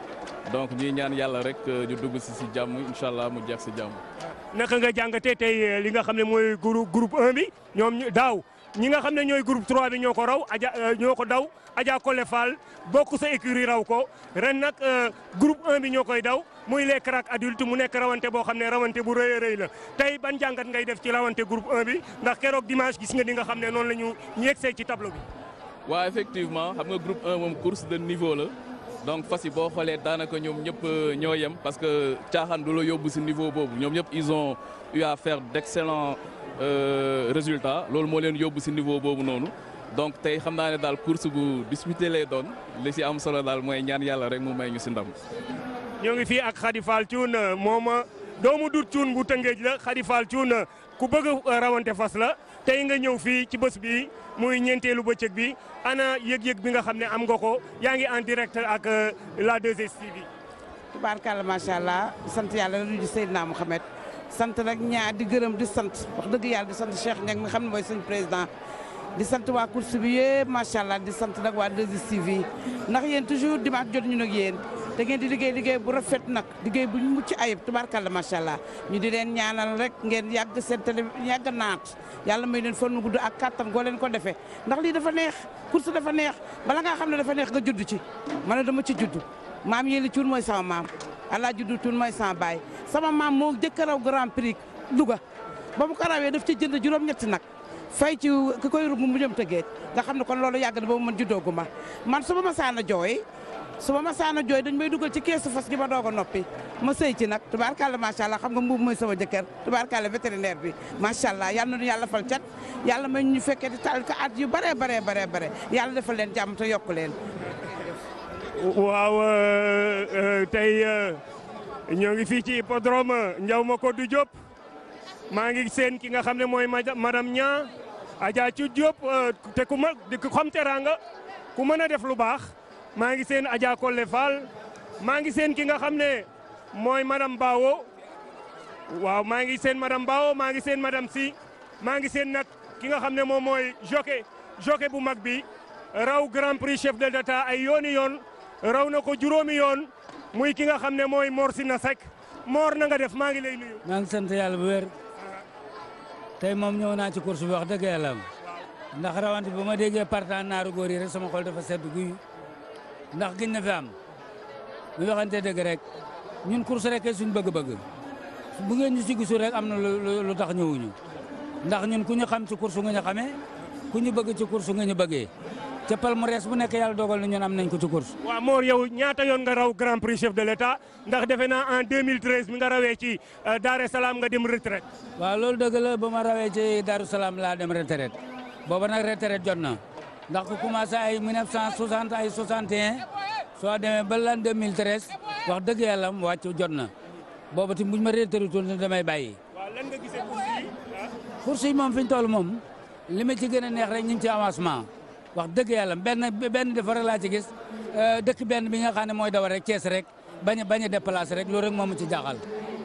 donc ñuy ñaan yàlla rek euh, ñu dugg si si jàmm incha allah mu jeex si jàmm. naka nga jàngatee tey li nga xam ne mooy groupe groupe ñoom daaw. ñi nga xam ne ñooy groupe 3 bi ñoo ko raw aja euh, ñoo ko daw ajaa Kole Fall bokk sa écurie raw ko ren nag euh, groupe 1 bi ñoo koy daw muy les crack adulte mu nekk rawante boo xam ne rawante bu rëy a rëy la tey ban jàngat ngay def ci rawante groupe 1 bi ndax keroog dimanche gis nga di nga xam ne noonu la ñu yegsee ci tableau bi. waa effectivement xam nga groupe 1 moom course de niveau la donc fas yi boo xoolee daanaka ñoom ñëpp euh, ñoo yem parce que caaxaan du la yóbbu si niveau boobu ñoom ñëpp ils ont eu à faire Euh, résultat loolu moo leen yóbbu si niveau boobu noonu donc tey xam naa ne daal course bu disputé lay doon li si am solo daal mooy ñaan yàlla rek mu may ñu si ndam. ñoo ngi fii ak Khady Fall na moom doomu dut Thioune bu Tëngéej la Khady Fall na ku bëgg rawante fas la tey nga ñëw fii ci bës bi muy ñeenteelu bëccëg bi ana yëg-yëg bi nga xam ne am nga ko yaa ngi en direct ak euh, la 2STV. tubaarkàlla macha allah sant yàlla lu ñu Seydina Mohamed. sant nag ñaar di gërëm di sant wax dëgg yàlla di sant Cheikh Ndiaye mi xam ne mooy suñu président di sant waa course bi yëpp macha allah di sant nag waa 2STV ndax yéen toujours dimanche jot ñu nag yéen da ngeen di liggéey liggéey bu rafet nag liggéey bu ñu mucc ayib tubaarkàlla macha allah ñu di leen ñaanal rek ngeen yàgg seen télé yàgg naat yàlla may leen fan gudd ak kattan goo leen ko defee ndax lii dafa neex course dafa neex bala ngaa xam ne dafa neex nga judd ci man dama ci judd maam yéeli cuun mooy sama maam allah juddu cuun mooy sama baay sama maam moo jëkk raw grand prix Louga ba mu ko rawee daf ci jënd juróom-ñetti nag fay ci ki koy rub mu jëm tëggee nga xam ne kon loolu yàgg na ba mu mën juddoogu ma man su ma masaana jooy su ma saana jooy dañ may dugal ci keesu fas gi ma doog a noppi ma sëy ci nag tubaarkàlla macha allah xam nga mbuub mooy sama jëkkër tubaarkàlla vétérinaire bi macha allah yal na nu yàlla fal cat yàlla ma ñu fekkee di tal ko at yu bare bare bare bare yàlla defal leen jàmm te yokku leen waaw euh, euh, euh, ñoo ngi fii ci hippodrome Ndiaw Macodou Diop maa ngi seen ki nga xam ne mooy madame Nia Adja Thiou Diop euh, te ku ma di xam ku mën a def lu baax maa ngi seen Adja Kolle Fall maa ngi seen ki nga xam ne mooy madame Bawo waaw maa ngi seen madame Bawo maa ngi seen madame Si maa ngi seen nag ki nga xam ne moom mooy jockey jockey bu mag bi raw grand prix chef de l'État ay yooni yoon raw na ko juróomi yoon. muy ki nga xam ne mooy Mor Sina Seck Mor na nga def maa ngi ley nuyu. maa ngi sant yàlla bu wér tey moom ñëw naa ci course bi wax dëgg ndax rawante ba ma déggee partant naaru góor yi rek sama xol dafa sedd guy ndax gën na fi am lu waxante dëgg rek ñun course rek suñ bëgg-bëgg bu ngeen ñu si gisul rek am na lu tax ñëwuñu ndax ñun ku ñu xam ci course nga ñu ku ñu bëgg ci course nga ñu bëggee. te palmarès bu nekk yàlla dogal na ñun am nañ ko ci course. waaw ñaata yoon nga raw grand prix chef de l' état ndax defe naa en 2013 mi nga rawee ci euh, Daaru Salaam nga dem retraite. waaw loolu dëgg la ba ma rawee ci Daaru Salaam laa dem retraite booba nag retraite jot na ndax ku commencé ay 1960 ay 61 soo demee ba lan 2013 wax dëgg yàlla am wàcc jot na booba tamit bu ñu ma retraitul ne damay bàyyi. waaw lan nga gisee course yi. course yi moom fi toll moom li ma ci gën a neex rek ñu ngi ci avancement. wax dëgg yàlla benn benn dafa rek laa ci gis euh, dëkk benn bi nga xam ne mooy daw rek Thiès rek bañ a bañ a déplacé rek loolu rek moomu ci jaaxal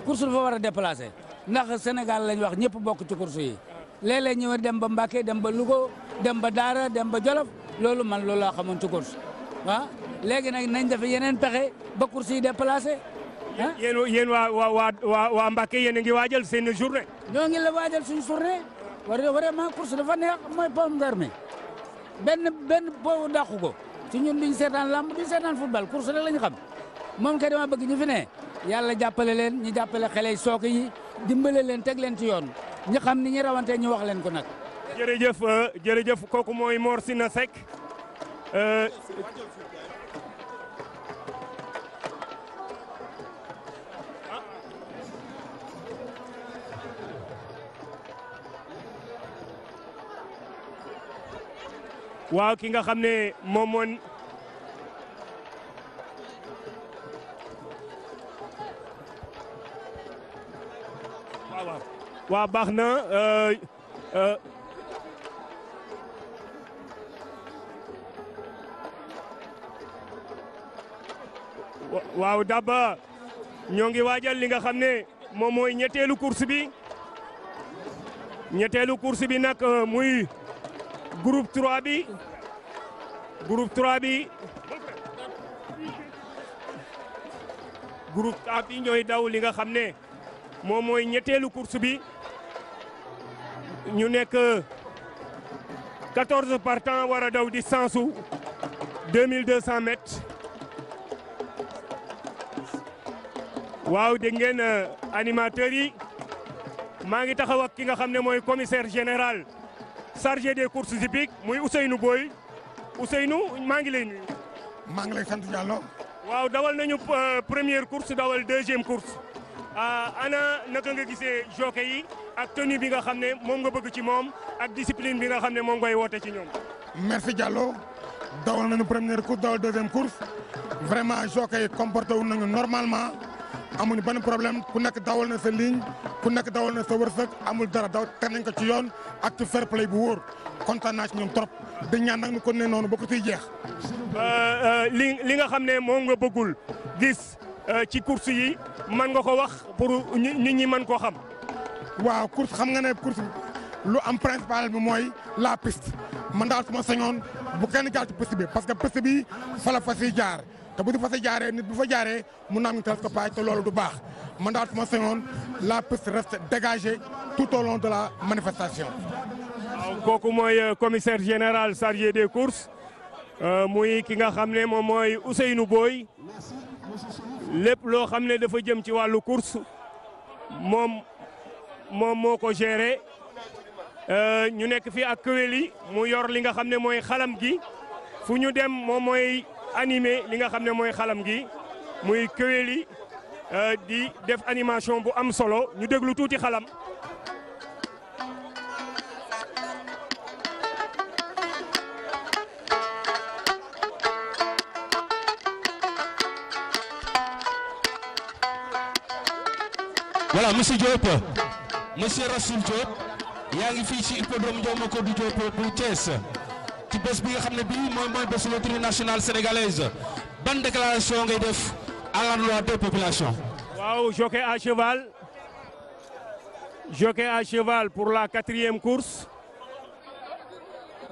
course dafa war a déplacé ndax Sénégal lañ wax ñëpp bokk ci course yi léeg-léeg ñu dem ba Mbacké dem ba Louga dem ba Daara dem ba Jolof loolu man loolu laa xamoon ci course ah léegi nag nañ def yeneen pexe ba course yi déplacé ah. yéen yéen waa waa waa waa Mbacké yéen a ngi waajal seen journée. ñoo ngi la waajal suñu journée war vraiment course dafa neex mooy pomme d'armée benn benn boobu dàqu ko ci ñun duñ seetaan làmb duñ seetaan football course la lañ xam moom kay dama bëgg ñu fi ne yàlla jàppale leen ñu jàppale xele yi sooke yi dimbale leen teg leen ci yoon ñi xam ni ñu rawantee ñu wax leen ko nag. jërëjëf euh, jërëjëf kooku mooy Mor Sina Seck. Euh, waaw ki nga xam ne moom moon waaw baax na euh, euh, waaw Daba ñoo ngi waajal li nga xam ne moom mooy ñetteelu course bi ñetteelu course bi nag euh, muy groupe 3 bi groupe 3 bi groupe 3 bi ñooy daw li nga xam ne moom mooy ñetteelu course bi ñu nekk 14 partants war a daw distance su 2200 mètres waaw dégg ngeen euh, animateurs yi maa ngi taxaw ki nga xam ne mooy commissaire général. chargé des courses hippiques muy Ousseynou Boy Ousseynou maa ngi lay nuyu. maa ngi lay sant Diallo. waaw dawal nañu euh, première course dawal deuxième course euh, ana naka nga gisee jockey yi ak tenue bi nga xam ne moom nga bëgg ci moom ak discipline bi nga xam ne moom ngay woote ci ñoom. merci Diallo dawal nañu première course dawal deuxième course vraiment jockey yi comporté wu nañu normalement. amuñu benn problème ku nekk dawal na sa ligne ku nekk dawal na sa wërsëg amul dara daw teg nañ ko ci yoon ak ci fair play bu wóor kontaan ñoom trop di ñaan nag ñu ne noonu ba ko ciy jeex. Euh, euh, li li nga xam ne moom nga bëggul gis euh, ci course yi man nga ko wax pour nit ñi mën koo xam. waaw course xam nga ne course lu am principal bi mooy la piste man daal su ma sañoon bu kenn jaar ci piste bi parce que piste bi fa la fas yi jaar. te bu ñu fa sa jaaree nit bu fa jaaree mun naa am télescopage te lool du baax man daal su ma sañoon la piste reste dégagée tout au long de la manifestation. waaw kooku mooy euh, commissaire général sarge des courses euh, muy ki nga xam ne moom mooy Ousseynou Boy lépp loo xam ne dafa jëm ci wàllu course moom moom moo ko géré euh, ñu nekk fii ak këwél yi mu yor li nga xam ne mooy xalam gi fu ñu dem moom anime li nga xam ne mooy xalam gi muy kéwél euh, di def animation bu am solo ñu déglu tuuti xalam. voilà monsieur Diop monsieur Rassoul Diop yaa ngi fii ci hippodrome Ndiaw Macodou Diop bu Thiès. ci bés bi nga xam ne bii mooy mooy bésu loterie nationale sénégalaise ban déclaration ngay def à l'endroit des populations. waaw jockey à cheval jockey à cheval pour la quatrième course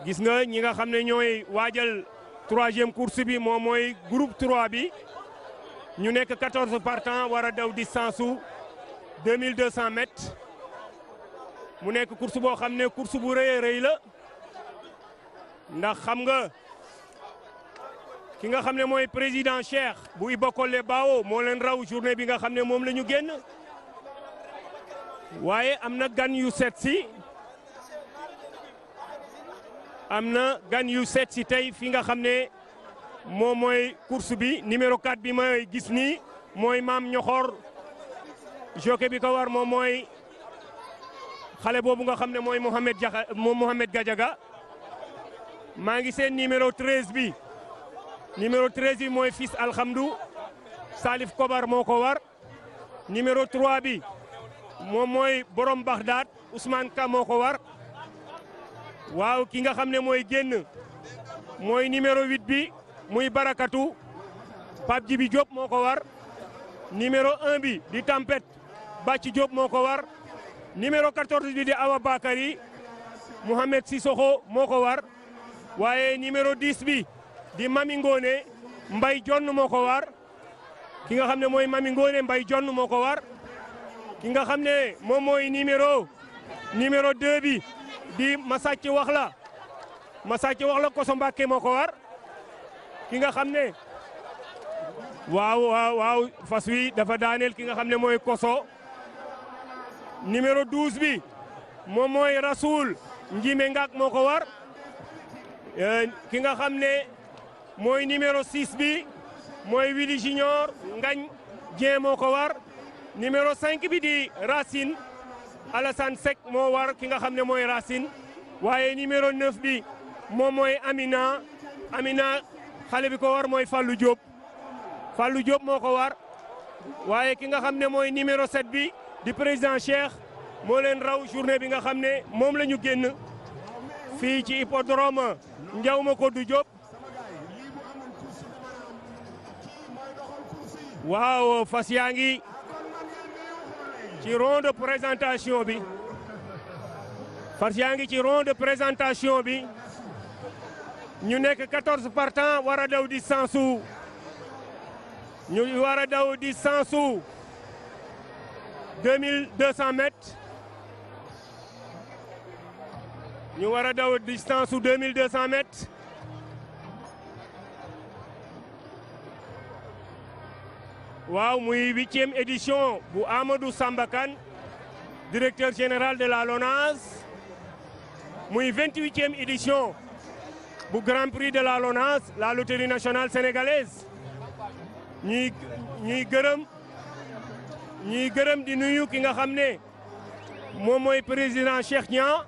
gis nga ñi nga xam ne ñooy waajal troisième course bi moom mooy groupe 3 bi ñu nekk 14 partants war a daw distance su mu nekk course boo xam ne course bu rëy rëy la. ndax xam nga ki nga xam ne mooy président Cheikh bu Iba Collé Bao moo leen raw journée bi nga xam ne moom lañu génn waaye am na gan yu set si am na gan yu set si tey fi nga xam ne moom mooy course bi numéro 4 bi may gis nii mooy maam ñoxoor jockey bi ko war moom mooy xale boobu nga xam ne mooy Mohamed Jaxa moom Mohamed Gadiaga maa ngi seen numéro 13 bi numéro 13 bi mooy Fils Alhamdu Salif Kobar moo ko war numéro 3 bi moom mooy Borom Baxdaat Ousmane Ka moo ko war waaw ki nga xam ne mooy génn mooy numéro 8 bi muy Barakatu Pape Djibi Diop moo ko war numéro 1 bi di Tempête Bàcci Diop moo ko war numéro 14 bi di Awa Bakary Mohamed Sissoko moo ko war waaye numéro 10 bi di Mami Ngone Mbay Jonn moo ko war ki nga xam ne mooy Mami Ngone Mbay Jonn moo ko war ki nga xam ne moom mooy numéro numéro 2 bi di Masacc wax la Masacc wax la Koso mbakke moo ko war ki nga xam ne waaw waaw fas wi dafa daaneel ki nga xam ne mooy Koso numéro 12 bi moom mooy Rasoul Njime Ngak moo ko war Euh, ki nga xam ne mooy numéro 6 bi mooy Willy Junior Ngañ Dieng moo ko war numéro 5 bi di Racine Alassane Seck moo war ki nga xam ne mooy Racine waaye numéro 9 bi moom mooy Amina Amina xale bi ko war mooy Fallou Diop Fallou Diop moo ko war waaye ki nga xam ne mooy numéro 7 bi di président Cheikh moo leen raw journée bi nga xam ne moom la ñu génn. fii ci hippodrome ma ko Diop waaw fas yaa ngi ci rond de bi fas yaa ngi ci rond de présentation bi ñu nekk 14 partants war a daw di sansu ñu war a daw di sansu 2200 ñu war a daw distance su 2200 mètres. waaw muy huitième édition bu Amadou Samba Kane directeur général de la LONASE muy vingt-huitième édition bu Grand Prix de la LONASE la loterie nationale sénégalaise ñuy ñuy gërëm ñuy gërëm di nuyu ki nga xam ne moom mooy président Cheikh Niang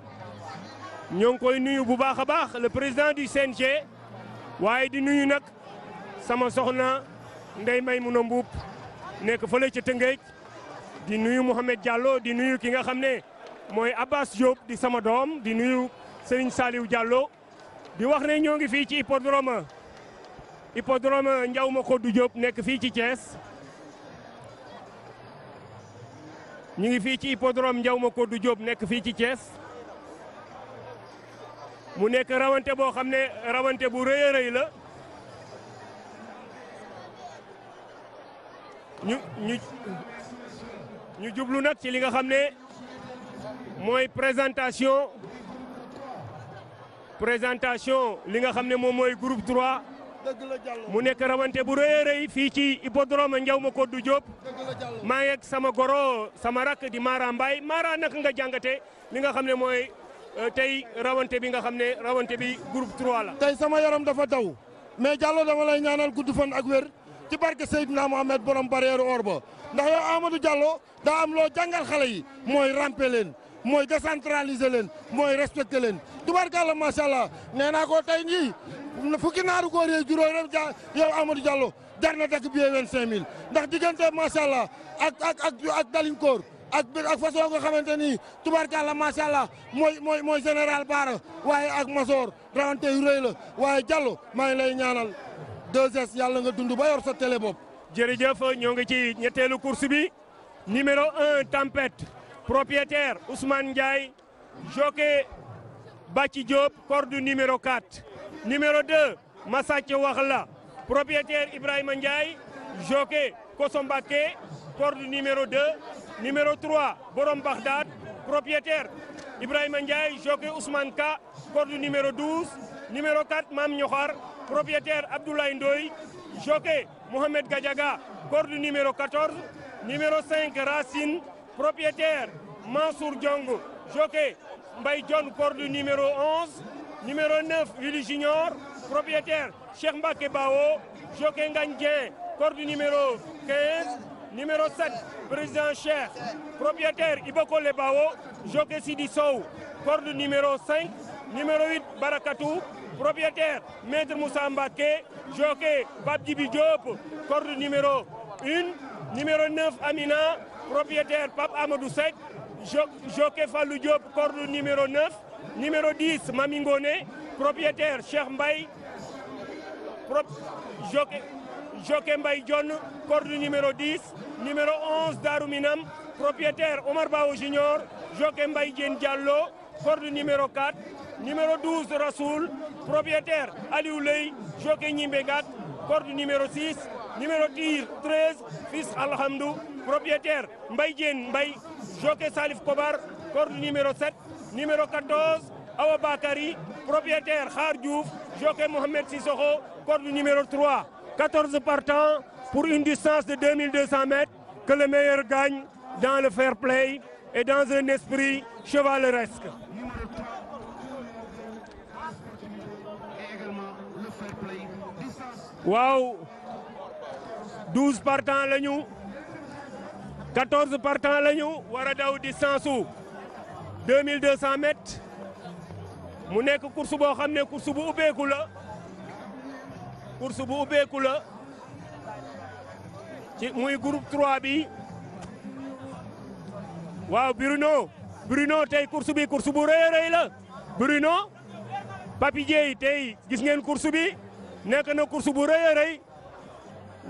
ñoo ngi koy nuyu bu baax a baax le président du CNG waaye di nuyu nag sama soxna Ndeye Maymouna Mboup nekk fële ca Tëngéej di nuyu Mouhamed Diallo di nuyu ki nga xam ne mooy Abbas Diop di sama doom di nuyu Serigne Saliou Diallo di wax ne ñoo ngi fii ci hippodrome hippodrome ko du Diop nekk fii ci Thiès. ñu ngi fii ci hippodrome ko du Diop nekk fii ci Thiès. mu nekk rawante boo xam ne rawante bu rëy a rëy la ñu ñu ñu jublu nag ci li nga xam ne mooy présentation présentation li nga xam ne moom mooy groupe 3 mu nekk rawante bu rëy fii ci hippodrome njaw ma Koddu du maa ngi sama goro sama rakk di Mara Mbaye Mara naka nga jàngate li nga xam ne mooy. Euh, tey rawante bi nga xam ne rawante bi groupe 3 tey sama yaram dafa daw mais Diallo dama lay ñaanal gudd fan ak wér ci barke Seydina Mohamed borom barrière or ba ndax yow Amadou Diallo daa am loo jàngal xale yi mooy ramper leen mooy décentraliser leen mooy respecter leen tubarkalla macha allah nee naa ko tey jii fukki naaru góor yee juróomi rek ja yow Amadou Diallo jar na dëkk bi 25000 ndax diggante macha allah ak ak ak ak ak ak façon nga xamante ni tubarkalla macha allah mooy mooy mooy général Baara waaye ak masoor rawante yu rëy la waaye Diallo maa ngi lay ñaanal 2S nga dund ba yor sa télé bopp. jërëjëf ñoo ngi ci ñetteelu course bi numéro un Tempête propriétaire Ousmane Ndiaye jockey Bathie Diop corde numéro 4. numéro 2 Massathié Waxla propriétaire Ibrahima Ndiaye jockey Kosombake corde numéro 2. numéro 3 Borom Bagdad propriétaire Ibrahima Ndiaye jockey Ousmane Ka corde numéro numéro 4 Mam Niokhar propriétaire Abdoulaye Ndoye jockey Mohamed Gadiaga corde numéro numéro 5 Racine propriétaire Mansour Diong jockey Mbaye John corde numéro 11 numéro 9 Willy Junior propriétaire Cheikh Mbacke Bao jockey Nganjien corde numéro numéro 7 président Cheikh propriétaire Ibakole Bao jockey Sidi Sow corde numéro 5 numéro 8 Barakatou propriétaire maître Moussa Mbaké jockey Pape Djibi Diop corde numéro 1 numéro 9 Amina propriétaire Pape Amadou Seck jockey Fallou Diop corde numéro 9 numéro 10 Mamingone propriétaire Cheikh Mbaye jockey Joké Mbaye Dione corde numéro 10 numéro 11 Darou Minam propriétaire Omar Bao Junior Joké Mbaye Diène Diallo corde numéro 4 numéro 12 Rasoul propriétaire Aliou Ley Joké Ñimbe Gat corde numéro 6 numéro 10 13 Fils Alhamdou propriétaire Mbaye Diène Mbaye Salif Kobar corde numéro 7 numéro 14 Awa Bakari propriétaire Khar Diouf Joké Mohamed Sissoko corde numéro 14 partants pour une distance de 2200 mètres que le meilleur gagne dans le fair play et dans un esprit chevaleresque. waaw 12 partants la ñu 14 partants la ñu war a daw distance su 2200 mètres mu nekk course boo xam ne course bu ubbeeku la. course bu ubbeeku la ci muy groupe 3 bi waaw Bruno Bruno tey course bi course bu rëy rëy la Bruno Papi Dieye tey gis ngeen course bi nekk na course bu rëy rëy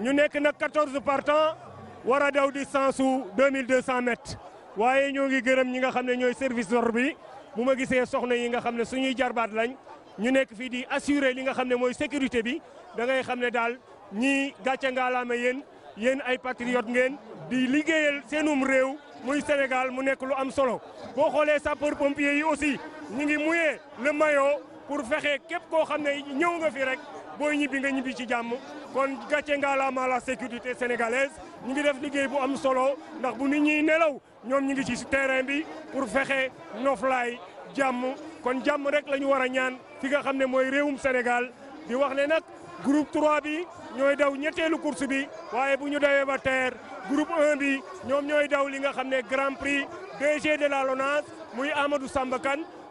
ñu nekk na 14 partants war a daw distance su 2200 mètres waaye ñoo ngi gërëm ñi nga xam ne ñooy service d'ordre bi bu ma gisee soxna yi nga xam ne suñuy jarbaat lañ. ñu nekk fii di assurer li nga xam ne mooy sécurité bi da ngay xam ne daal ñi gàcce ngaalaama yéen yéen ay patriote ngeen di liggéeyal seenum réew muy Sénégal mu nekk lu am solo boo xoolee sapeur pompier yi aussi ñi ngi muyee le maillot pour fexe képp koo xam ne ñëw nga fi rek booy ñibbi nga ñibbi ci jàmm kon gàcce ngaalaama la sécurité sénégalaise ñu ngi def liggéey bu am solo ndax bu nit ñi nelaw ñoom ñu ngi ci terrain bi pour fexe noflaay jàmm kon jàmm rek lañu ñu war a ñaan fi nga xam ne mooy réewum Sénégal di wax ne nag groupe 3 bi ñooy daw ñetteelu course bi waaye bu ñu dawee ba terre groupe 1 bi ñoom ñooy daw li nga xam ne grand prix DG de la LONASE muy Amadou Samba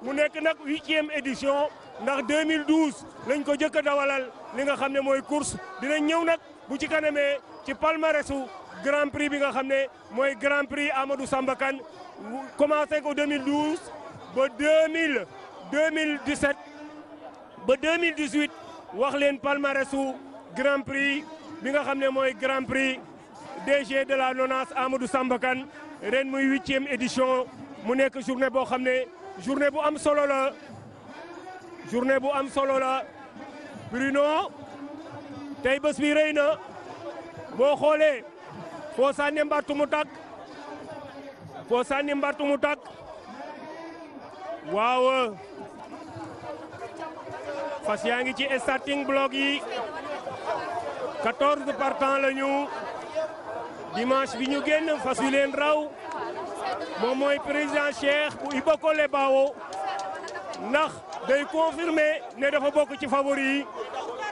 mu nekk nag huitième édition ndax 2012 lañ ko jëkk a dawalal li nga xam ne mooy course dinañ ñëw nag bu ci kanamee ci palmarèsu grand prix bi nga xam ne mooy grand prix Amadou Samba Kane commencé ko 2012 ba 2000 2017 ba 2018 wax leen palmarèsu grand prix bi nga xam ne mooy grand prix DG de la LONASE Amadou Samba Kane ren muy huitième édition mu nekk journée boo xam ne journée bu am solo la journée bu am solo la Bruno tey bés bi rëy na boo xoolee foo sànni mbattu mu takk foo sànni mbattu mu tàkk waaw fas yaa ngi ci starting block yi 14 partants la ñu dimanche bi ñu génn fas yu leen raw moom mooy président Cheikh bu Ibakole Bawo ndax day confirmer ne dafa bokk ci favori yi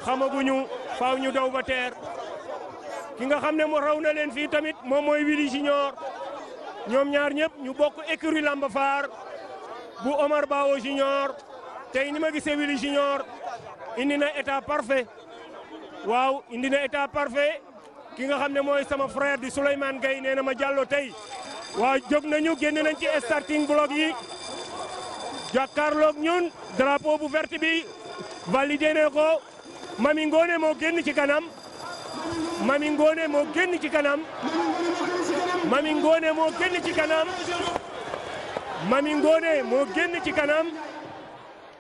xamaguñu faaw ñu daw ba ki nga xam ne mu raw na leen fii tamit moom mooy Wili Junior ñoom ñaar ñëpp ñu bokk écurie Lamba Faar bu Omar Bawo Junior tey ni ma gisee Wily Junior indi na état parfait waaw indi na état parfait ki nga xam ne mooy sama frère di Souleymane Gaye nee na ma jàllo tey waaw jóg nañu génn nañ ci starting block yi jàkkaarloog ñun drapeau bu vert bi validé ne ko Mami Ngone moo génn ci kanam Mami Ngone moo génn ci kanam Mami Ngone moo génn ci kanam Mami Ngone moo génn ci kanam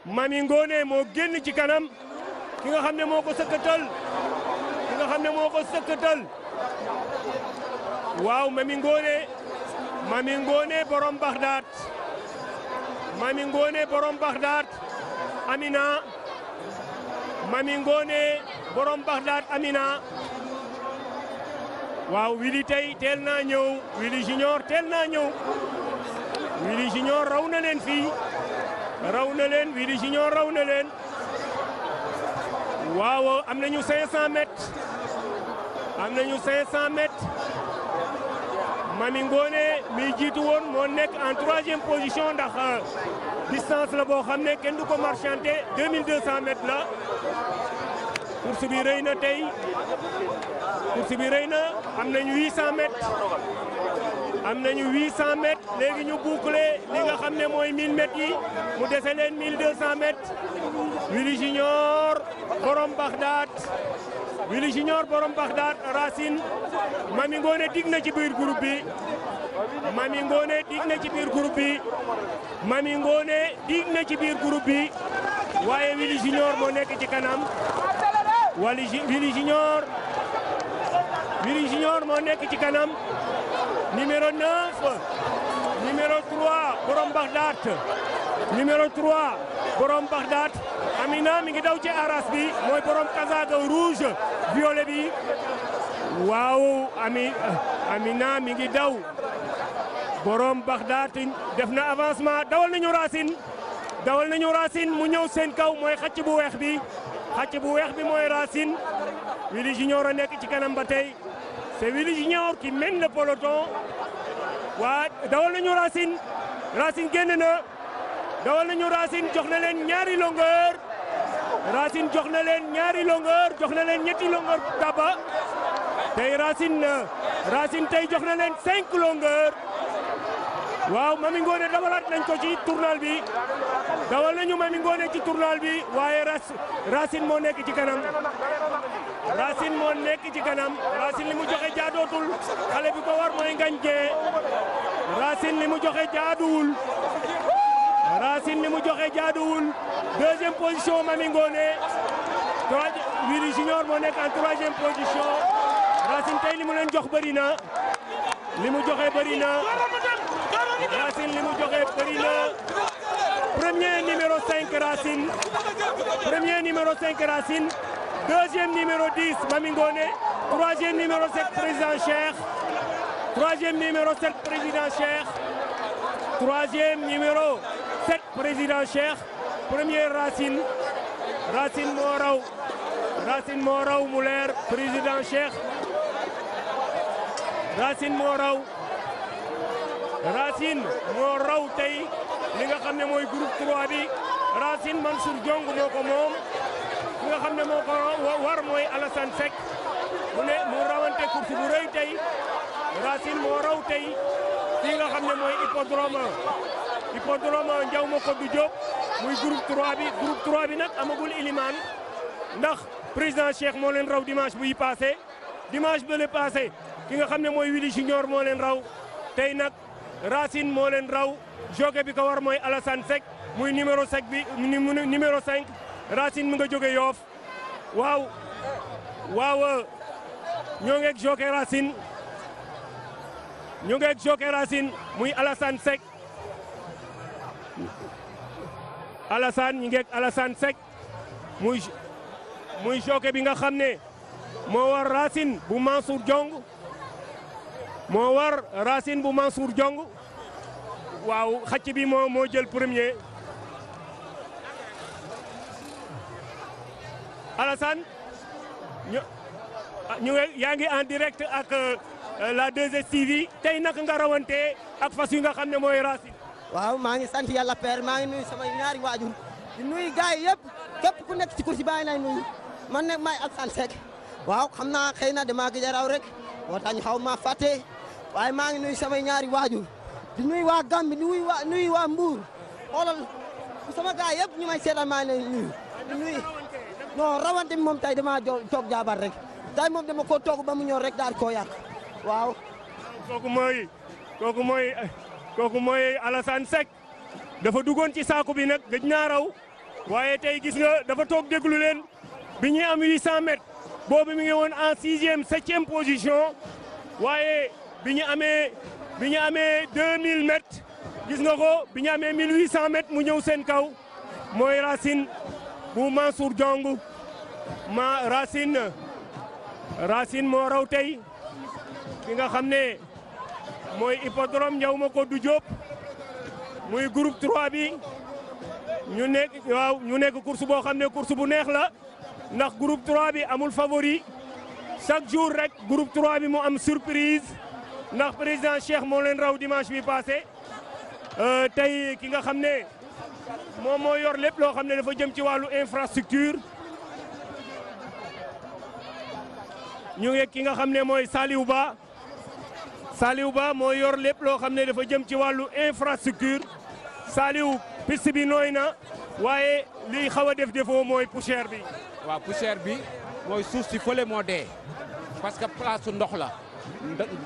Mamy Ngoné moo génn ci kanam ki nga xam ne moo ko sëkkatal ki nga xam ne moo ko sëkkatal waaw Mamy Ngoné Mamy Ngoné borom Baxdaat mami ngoone borom Baxdaat Amina Mamy Ngoné borom Baxdaat Amina waaw Wili tey teel naa ñëw Wili Junior teel naa ñëw Wili Junior raw na leen fii raw na leen ji Junior raw na leen waaw am nañu 500 mètres am nañu 500 mètres Mami Ngoné mi jiitu woon moo nekk en troisième position ndax euh, distance la boo xam ne kenn du ko marchandé 2200 mètres la course bi rëy na tey course bi rëy na am nañu 800 mètres. am nañu 800 mètres léegi ñu boucler li nga xam ne mooy 1000 mètres yi mu dese leen 1200 mètres borom Bagdad Willy Junior borom Bagdad Racine Mami Ngone dig na ci biir groupe bi Mami Ngone dig na ci biir groupe bi Mami Ngone dig ci biir groupe bi waaye Willy Junior moo nekk ci kanam wala Willy Junior Willy moo nekk ci kanam. numéro 9 numéro 3 borom Baxdaat numéro 3 borom Baxdaat Amina mi ngi daw ci aras bi mooy borom casaga rouge violet bi waaw ami Amina mi ngi daw borom Baxdaat def na avancement dawal nañu Racine dawal nañu Racine mu ñëw seen kaw mooy xacc bu weex bi xacc bu weex bi mooy rasin Wili Junior a nekk ci kanam ba tey C'est Willy Junior qui mène le peloton. waa dawal nañu Racine Racine génn na dawal nañu Racine jox na leen ñaari longueur Racine jox na leen ñaari longueur jox na leen ñetti longueur Taba tey Racine Racine tey jox na leen cinq longueur waaw Mami Ngoné dawalaat nañ ko ci tournal bi dawal nañu Mami Ngoné ci tournal bi waaye ras Racine moo nekk ci kanam. Racine moo nekk ci kanam li mu joxe jaadootul xale bi ko war mooy Ngagne Dieng Racine li mu joxe jaaduwul Racine li mu joxe jaaduwul deuxième position Mami Ngoné trois Wiri Junior moo nekk en troisième position Racine tey li mu leen jox bëri na li mu joxe bëri na Racine li mu joxe bëri na premier numéro 5 Racine premier numéro 5 deuxième numéro 10 Mamy Ngoné troisième numéro 7 président Cheikh numéro 7 président Cheikh troisième numéro 7 président Cheikh première Racine Racine moo raw Racine moo raw mu leer président Cheikh Racine moo raw Racine moo raw tey li nga xam ne mooy groupe 3 bi Racine Mansour Diong moo ko moom. ki nga xam ne moo war mooy Alassane Seck mu ne mu rawante course bu rëy tey Racine moo raw tey fii nga xam ne mooy hippodrome hippodrome Ndiaw Macodou Diop muy groupe 3 bi groupe nag amagul ilimaan ndax président Cheikh moo leen raw dimanche bu yi passé dimanche bële passé ki nga xam ne mooy Willy Junior moo leen raw tey nag Racine moo leen raw joge bi ko war mooy Alassane Seck muy numéro 5 bi numéro 5 Racine mi nga jóge Yoof waaw waaw ñoo ngeeg joke Racine ñoo ngeeg jóge Racine muy Alassane Seck Alassane ñu ngeeg Alassane Seck muy muy bi nga xam ne moo war Racine bu Mansour Diong moo war Racine bu Mansour jong waaw xacc bi moo moo jël premier Alassane ñu ah, ñu yaa ngi en direct ak euh, la 2STV tey nak nga rawante ak fas yi nga xam ne mooy Racine. waaw maa ngi sant yàlla père maa ngi nuyu samay ñaari waajur di nuyu gars yi yëpp képp ku nekk ci kursi bàyyi lay nuyu man nag maay ak Seck waaw xam naa xëy na damaa gëj a rek moo tax xaw ma fàtte waaye maa ngi nuy samay ñaari waajur di nuyu waa Gambie di nuyu waa nuyu waa Mbour xoolal sama gars yëpp ñu may seetal maa di nuyu. non rawante bi moom tay damaa toog jaabar rek tay moom dama ko toog ba mu ñor rek daal koo yàq waaw. kooku mooy kooku mooy kooku mooy Alassane dafa duggoon ci saako bi nag gëj naa raw waaye tey gis nga dafa toog déglu leen bi ñuy am 800 mètres boobu mi ngi woon en sixième septième position waaye bi ñu amee bi ñu amee 2000 mètres gis nga ko bi ñu amee 1800 mètres mu ñëw seen kaw mooy Racine. bu Mansour Diong ma na rasin moo raw tey ki nga xam ne mooy hippodrome ñaw ma ko du Diop muy groupe 3 bi ñu nekk waaw ñu nekk course boo xam ne course bu neex la ndax groupe 3 bi amul favori chaque jour rek groupe 3 bi mu am surprise ndax président Cheikh moo leen raw dimanche bi passé euh, tey ki nga xam ne moom moo yor lépp loo xam ne dafa jëm ci wàllu infrastructure ñu ngi ki nga xam ne mooy Saliou Ba Saliou Ba moo yor lépp loo xam ne dafa jëm ci wàllu infrastructure Saliou piste bi nooy na waaye liy xaw a def defoo mooy poussière bi. waaw poussière bi mooy suuf si fële moo dee parce que place su ndox la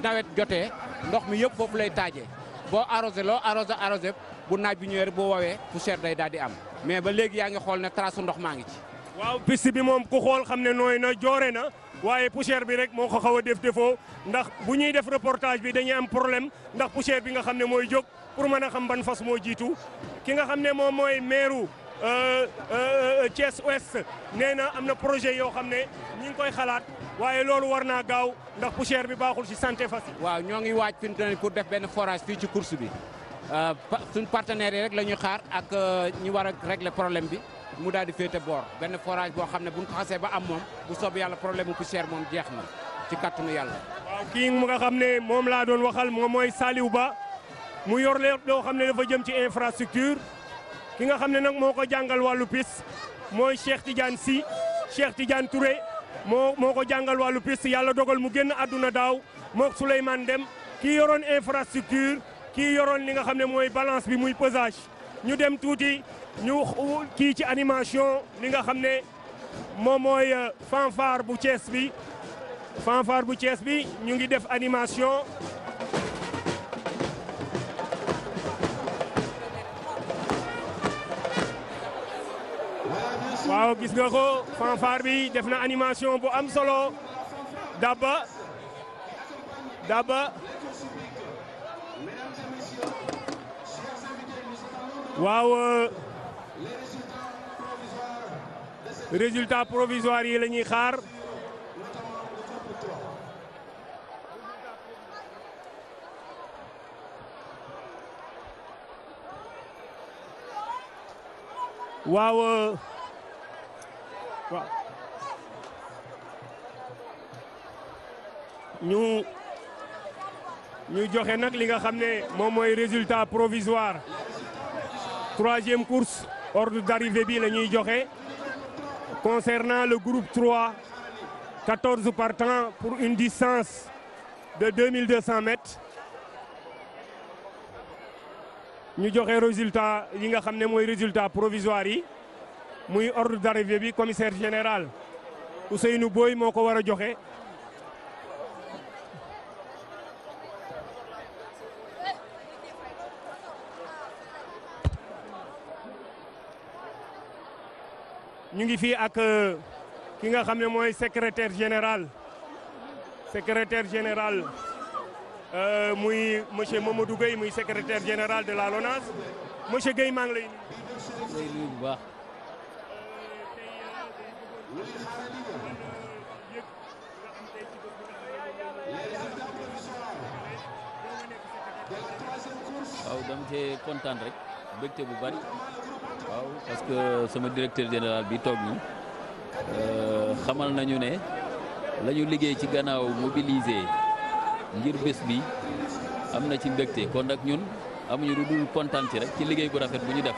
nawet jotee ndox mi yëpp foofu lay taaje boo arrosé loo arrosé arrosé. bu naaj bi ñëwee rek boo wawee poussière day daal di am mais ba léegi yaa ngi xool ne trace ndox maa ngi ci. waaw piste bi moom ku xool xam ne nooy na joore na waaye poussière bi rek moo ko xaw a def defoo ndax bu ñuy def reportage bi dañuy am problème ndax poussière bi nga xam ne mooy jóg pour mën a xam ban fas moo jiitu ki nga xam ne moom mooy meeru euh, euh, euh, Thiès Ouest nee na am na projet yoo xam ne ñi koy xalaat waaye loolu war naa gaaw ndax poussière bi baaxul ci sante fas waaw ñoo ngi waaj fi mu pour def benn forage fii ci course bi. Euh, suñ partenaires yi rek la ñuy xaar ak euh, ñu war a régler problème bi mu daal di féete boor benn forage boo xam ne bu ko xasee ba am moom bu soob yàlla problème bu poussière moom jeex na ci kàttanu yàlla. waaw kii mu nga xam ne moom laa doon waxal moom mooy Saliou Ba mu yor loo xam ne dafa jëm ci infrastructure ki nga xam ne nag moo ko jàngal wàllu piste mooy Cheikh Tidiane si Cheikh Tidiane Touré moo moo ko jàngal wàllu piste yàlla dogal mu génn àdduna daaw moog Souleymane Dem ki kii yoroon li nga xam ne mooy balance bi muy pesage ñu dem tuuti ñu kii ci animation li nga xam ne moom mooy euh, bu cees bi fanfare bu cees bi ñu ngi def animation waaw gis nga ko fanfare bi def na animation bu am solo Daba Daba waaw euh, résultat provisoire yi la ñuy xaar waaw euh, waaw ñu joxe nag li nga xam ne moom mooy résultat provisoire troisième course ordre d'arrivée bi la ñuy joxe concernant le groupe 3 14 partants pour une distance de 2200 mètres ñu joxe résultat yi nga xam ne mooy résultat provisoire yi muy ordre d'arrivée bi commissaire général Ousseynou Boy moo ko war a joxe ñu ngi fii ak euh, ki nga xam ne mooy secrétaire général secrétaire général euh, muy monsieur Mamadou Gueye muy secrétaire général de la LONASE monsieur Gueye maa ngi lay bu baax waaw dama kontaan rek bégte bu bari waaw parce sama directeur général bi toog na euh, xamal nañu ne la liggéey ci gannaaw mobiliser ngir bés bi am na ci mbégte kon nag ñun amuñu lu dul kontaan ci rek ci liggéey bu rafet bu ñu def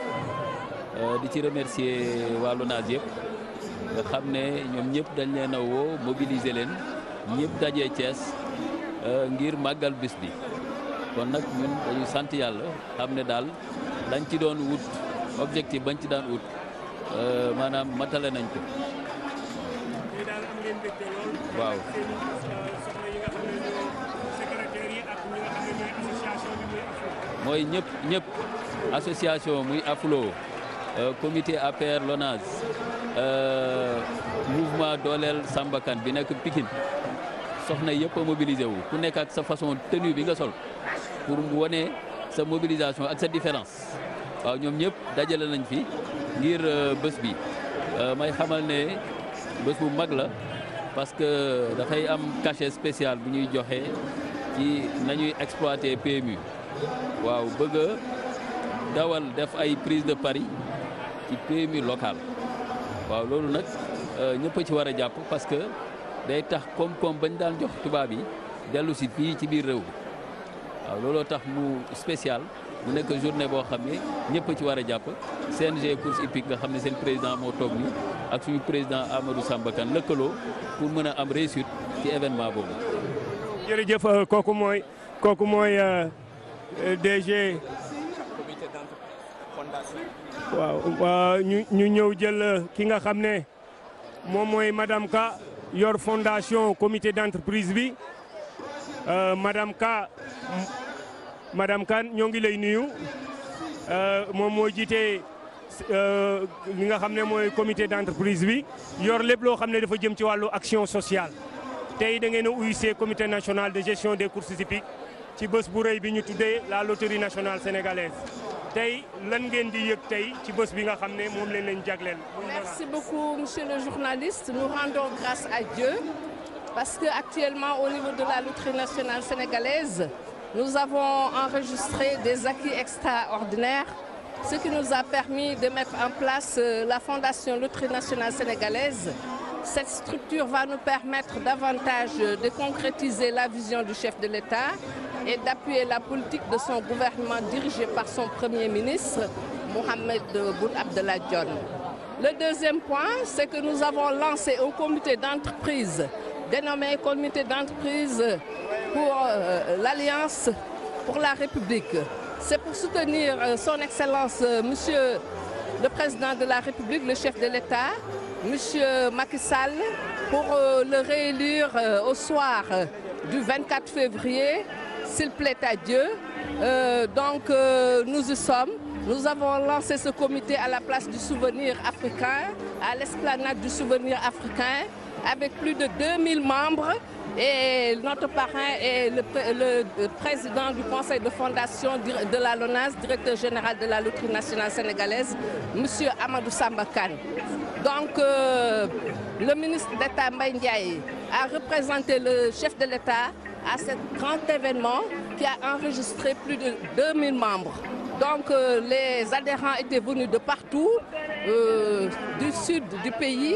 euh, di ci remercier wàllu LONASE yëpp nga xam ne ñoom ñëpp dañ leen a woo mobiliser leen ñëpp dajee Thiès euh, ngir màggal bés bi kon nag ñun dañu sant yàlla xam ne daal dañ ci doon wut. objectif bañ ci daan ut euh, maanaam matale nañ ko. waaw. mooy ñëpp ñëpp association muy AFLO euh, comité APR LONASE euh, mouvement dooleel Sambakan bi nekk Pikine soxna yëpp a mobilisé wu ku nekk ak sa façon tenue bi nga sol pour mu wane sa mobilisation ak sa différence. waaw ñoom ñëpp dajale nañ fi ngir euh, bés bi euh, may xamal ne bés bu mag la parce que dafay am cachet spécial bu ñuy joxe ci nañuy exploiter PMU waaw bëgg a dawal def ay prise de paris ci PMU local waaw loolu nag euh, ñëpp ci war a jàpp parce que day tax koom-koom bañ daan jox tubaab yi dellu si fii ci biir réew bi waaw looloo tax mu spécial mu nekk journée boo xam ne ñëpp ci war a jàpp CNG course hippique nga xam ne seen président moo toog nii ak suñu président Amadou Samba Kane lëkkaloo pour mën a am réussite ci événement boobu. jërëjëf euh, kooku mooy kooku mooy euh, euh, DG. comité d'entreprise fondation. waaw ñu ñu ñëw jël ki nga xam ne moom mooy madame Ka yor fondation comité d'entreprise bi madame Ka. madame kan ñoo ngi lay nuyu euh, moom moo jiite euh, li nga xam ne mooy comité d'entreprise bi yor lép loo xam ne dafa jëm ci wàllu action sociale tey da ngeen a UIC comité national de gestion des courses hippiques ci bés bu rey bi ñu tuddee la loterie national sénégalaise tey lan ngeen di yëg tey ci bés bi nga xam ne moom leen leen jagleel. merci beaucoup monsieur le journaliste nous rendons grâce à Dieu parce que actuellement au niveau de la loterie nationale Nous avons enregistré des acquis extraordinaires, ce qui nous a permis de mettre en place euh, la Fondation Loterie nationale sénégalaise. Cette structure va nous permettre davantage de concrétiser la vision du chef de l'État et d'appuyer la politique de son gouvernement dirigé par son Premier ministre, Mohamed Boun Abdallah Dionne. Le deuxième point, c'est que nous avons lancé un comité d'entreprise dénommé comité d'entreprise pour euh, l'Alliance pour la République. C'est euh, euh, Monsieur Président la République, le chef de le réélire au soir du 24 février, donc euh, nous y sommes. Nous avons à la place du souvenir africain, à avec plus de 2000 membres. Et notre parrain est le, le, président du conseil de fondation de la LONAS, directeur général de la Loterie nationale sénégalaise, M. Amadou Sambakan. Donc, euh, le ministre d'État Mbaye a représenté le chef de l'État à ce grand événement qui a enregistré plus de 2000 membres. Donc euh, les adhérents étaient de partout, euh, du sud du pays,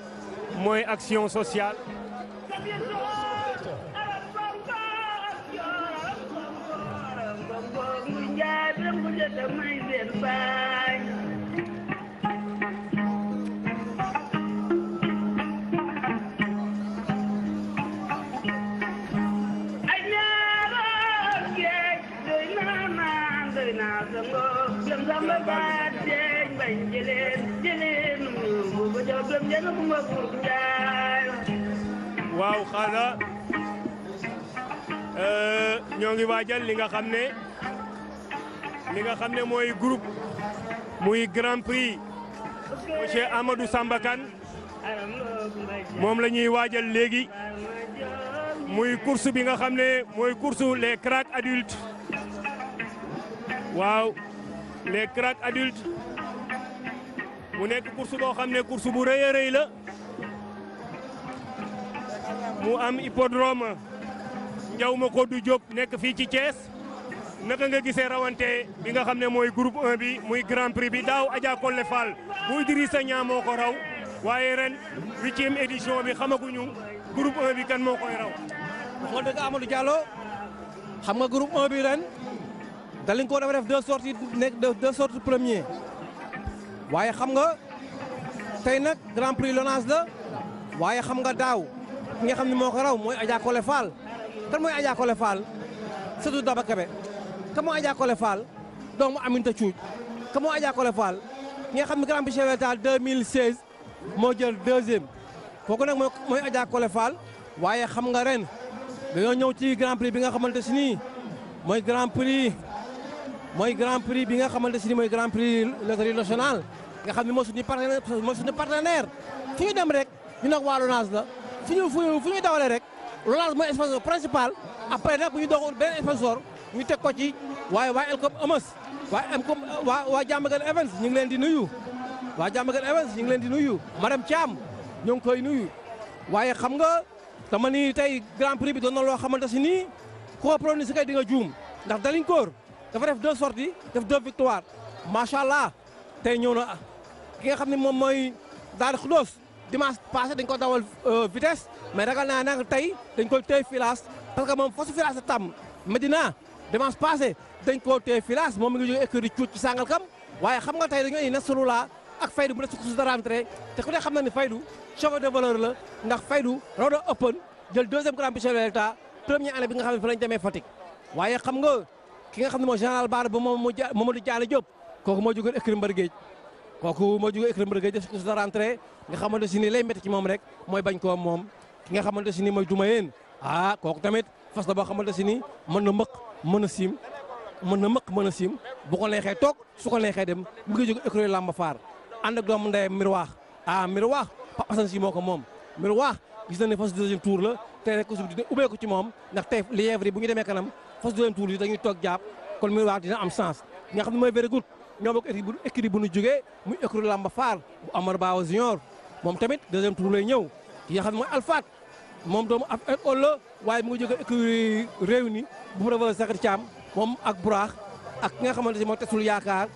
mooy action sociale Jëleen jëleen waaw xaala euh, ñoo ngi waajal li nga xam ne li nga xam ne mooy groupe muy grand prix monsieur Amadou Samba Kane moom la ñuy waajal léegi muy course bi nga xam ne mooy course les cracks adultes waaw les cracks adultes. mu nekk course boo xam ne course bu rëy a rëy la mu am hippodrome Ndiaw du Diop nekk fii ci Thiès naka nga gisee rawante bi nga xam ne mooy groupe 1 bi muy grand prix bi daaw Adja Kolle Fall bu Idrissa Niang moo ko raw waaye ren huitième édition bi xamaguñu groupe 1 bi kan moo koy raw. waxoon dëgg Amadou Diallo xam nga groupe 1 bi ren daliñ ko dafa def deux sorties nekk deux sorties premier. waaye xam nga tey nag grand prix Lonase la waaye xam nga daaw ki nga xam ne moo ko raw mooy Adja Kole Fall kan mooy Adja Kole Fall sëtu Daba Kebe kan mooy Adja Kole Fall doomu Aminta Cuuj kan mooy Adja Kole Fall nga xam ne grand prix Chevetal 2016 moo jël deuxième kooku nag mooy Adja Kole waaye xam nga ren dañoo ñëw ci grand prix bi nga xamante si nii mooy grand prix. mooy grand prix bi nga xamante si ni mooy grand prix loterie nationale nga xam ne mooy suñu partenaire mooy suñu partenaire fu ñu dem rek ñu nag waa LONASE la fu ñu fu ñuy dawalee rek LONASE mooy sponsor principal après nag bu ñu doog beneen sponsor ñu teg ko ci waaye waa Elcom Amos waa Elcom waa waa Diamaguène Events ñu ngi leen di nuyu waa Diamaguène Events ñu ngi leen di nuyu madame Thiam ñoo ngi koy nuyu waaye xam nga dama ni tey grand prix bi doon na loo xamante si nii koo prononcé kay nga juum ndax daliñ koor dafa def deux sorties def deux victoires macha allah tey ñëw na ki nga xam ne moom mooy daal xulóos dimanche passé dañ ko dawal euh, vitesse mais ragal naa nag tey dañ ko téye filaas parce que moom fasu filaas a tàmm Medina dimanche passé dañ koo téye filaas moom mi ngi jóge écurie cuuc ci Sangalkam waaye xam nga tey dañu indi Nasrullah ak Faydu mu ne sukk su dara rentré te ku xam na ni Faydu chauffeur de valeur la ndax Faydu Rodo Open jël deuxième grand prix de l'État première année bi nga xam ne fa lañ demee Fatick ki nga xam ne mooy général Baar ba moom moo Mamadou Diallo Diop kooku moo jógee écurie Mbar kooku moo jógee écurie Mbar Géej def sa rentrée nga xamante si ni lay métti ci moom rek mooy bañ koo moom ki nga xamante si ni mooy Doumayeen ah kooku tamit fas la boo xamante si ni mën na mëq mën a siim mën na mëq mën a siim bu ko neexee toog su ko neexee dem bu nga jógee Lamba Faar ànd ak doomu ndeyam Miroir ah Miroir Pape Assane si moo ko moom Miroir gis na ne tour la tey rek ko sub dina ubbeeku moom ndax tey lièvre yi bu ñu demee kanam fas du leen tuuli dañuy toog jàpp kon muy waar dina am sens nga xam ne mooy bërigut ñoo bokk équipe bu équipe bu nu jógee muy écurie Lamba Fall bu Amar Bawa Junior moom tamit deuxième tour lay ñëw ki nga xam ne mooy Alfaat moom doomu af ak ëllë waaye mu ngi jógee écurie Rewmi bu mu rëbële Sakar Thiam moom ak Buraax ak ki nga xamante ne mooy tesul yaakaar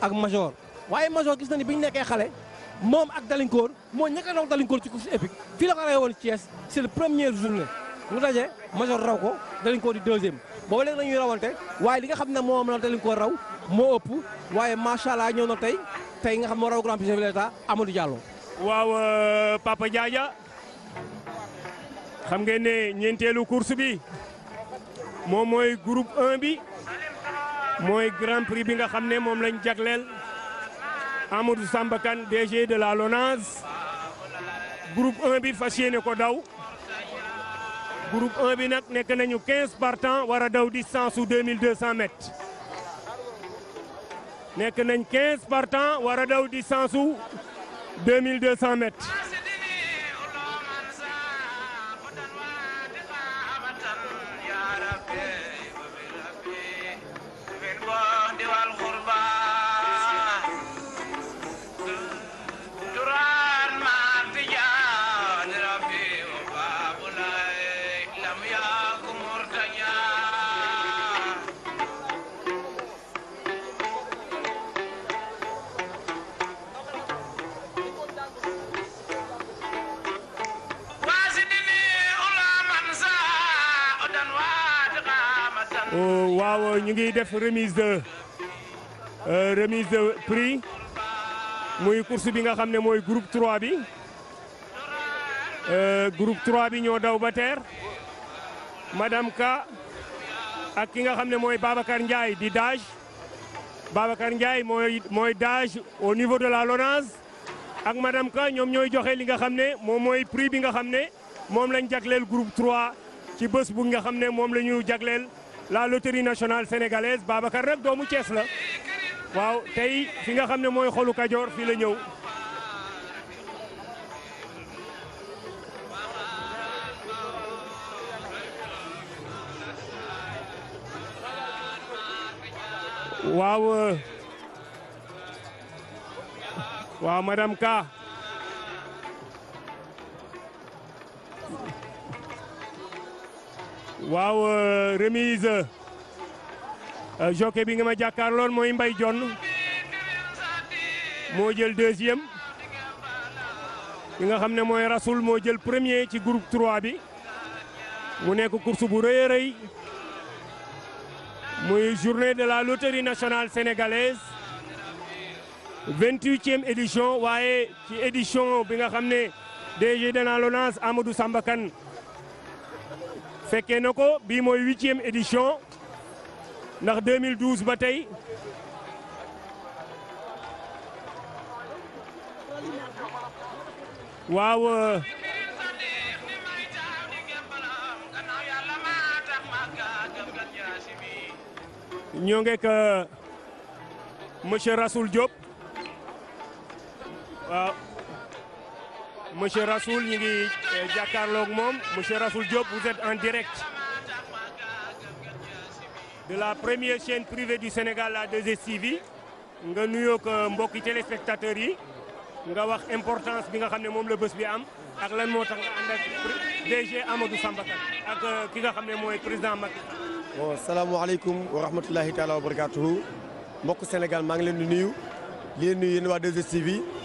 ak Major waaye Major gis na ni bi ñu nekkee xale moom ak Dalinkoor moo ñàkk a doon Dalinkoor ci fii la ko rawee woon le premier journée mu daje Major raw ko Dalinkoor di deuxième. booba léegi la ñuy rawante waaye li nga xam ne moom la te raw moo ëpp waaye macha allah ñëw na tey tey nga xam moo raw grand prix chef de l'état Amadou Diallo. waaw euh, Papa Diadia xam ngeen ne ñeenteelu course bi moom mooy groupe 1 bi mooy grand prix bi nga xam ne moom lañ jagleel Amadou Samba Kane DG de la LONASE groupe 1 bi fas yéene ko daw. groupe 1 bi nag nekk nañu 15 partants war a daw distance su 2200 mètres nekk nañ 15 partants war a daw distance su 2200 mètres. Euh, waaw ñu ngi def remise de euh, remise de prix muy course bi nga xam ne mooy groupe trois bi euh, groupe 3 bi ñoo daw ba teer madame Ka ak ki nga xam ne mooy Babacar Ndiaye di Dage Babacar Ndiaye mooy mooy Dage au niveau de la Lonase ak madame Ka ñoom ñooy joxe li nga xam ne moom mooy prix bi nga xam ne moom lañ jagleel groupe 3 ci bés bu nga xam ne moom la ñu jagleel. la loterie nationale sénégalaise Babacar nag doomu Thiès la waaw tey fi nga xam ne mooy xolu Kajoor fii la ñëw waaw euh, waaw madame Ka waaw euh, remise euh, jockey bi nga ma jàkkaar lool mooy Mbaye John moo jël deuxième ki nga xam ne mooy Rasoul moo jël premier ci groupe 3 bi mu nekk course bu rëy a rëy muy journée de la loterie nationale sénégalaise 28e édition waaye ci édition bi nga xam ne DG de la LONASE Amadou Samba Kane fekkee na ko bii mooy huitième édition ndax 2012 ba tey waaw euh, ñoo ngi ak euh, monsieur Rasoul Diop waaw. monsieur Rassoul ñu ngi euh, jàkkaarloog moom monsieur Rassoul Diop vous êtes en direct de la première chaîne privée du Sénégal la 2STV nga nuyoo euh, mbokki téléspectateurs yi nga wax importance bi nga xam ne moom la bés bi am ak lan moo tax nga ànd ak DG Amadou Samba ak euh, ki nga xam ne mooy président Macky Sall. bon salaamaaleykum wa rahmatulahi taala wa barakaatuhu mbokk Sénégal maa ngi leen di nuyu di leen nuyu yéen waa 2STV.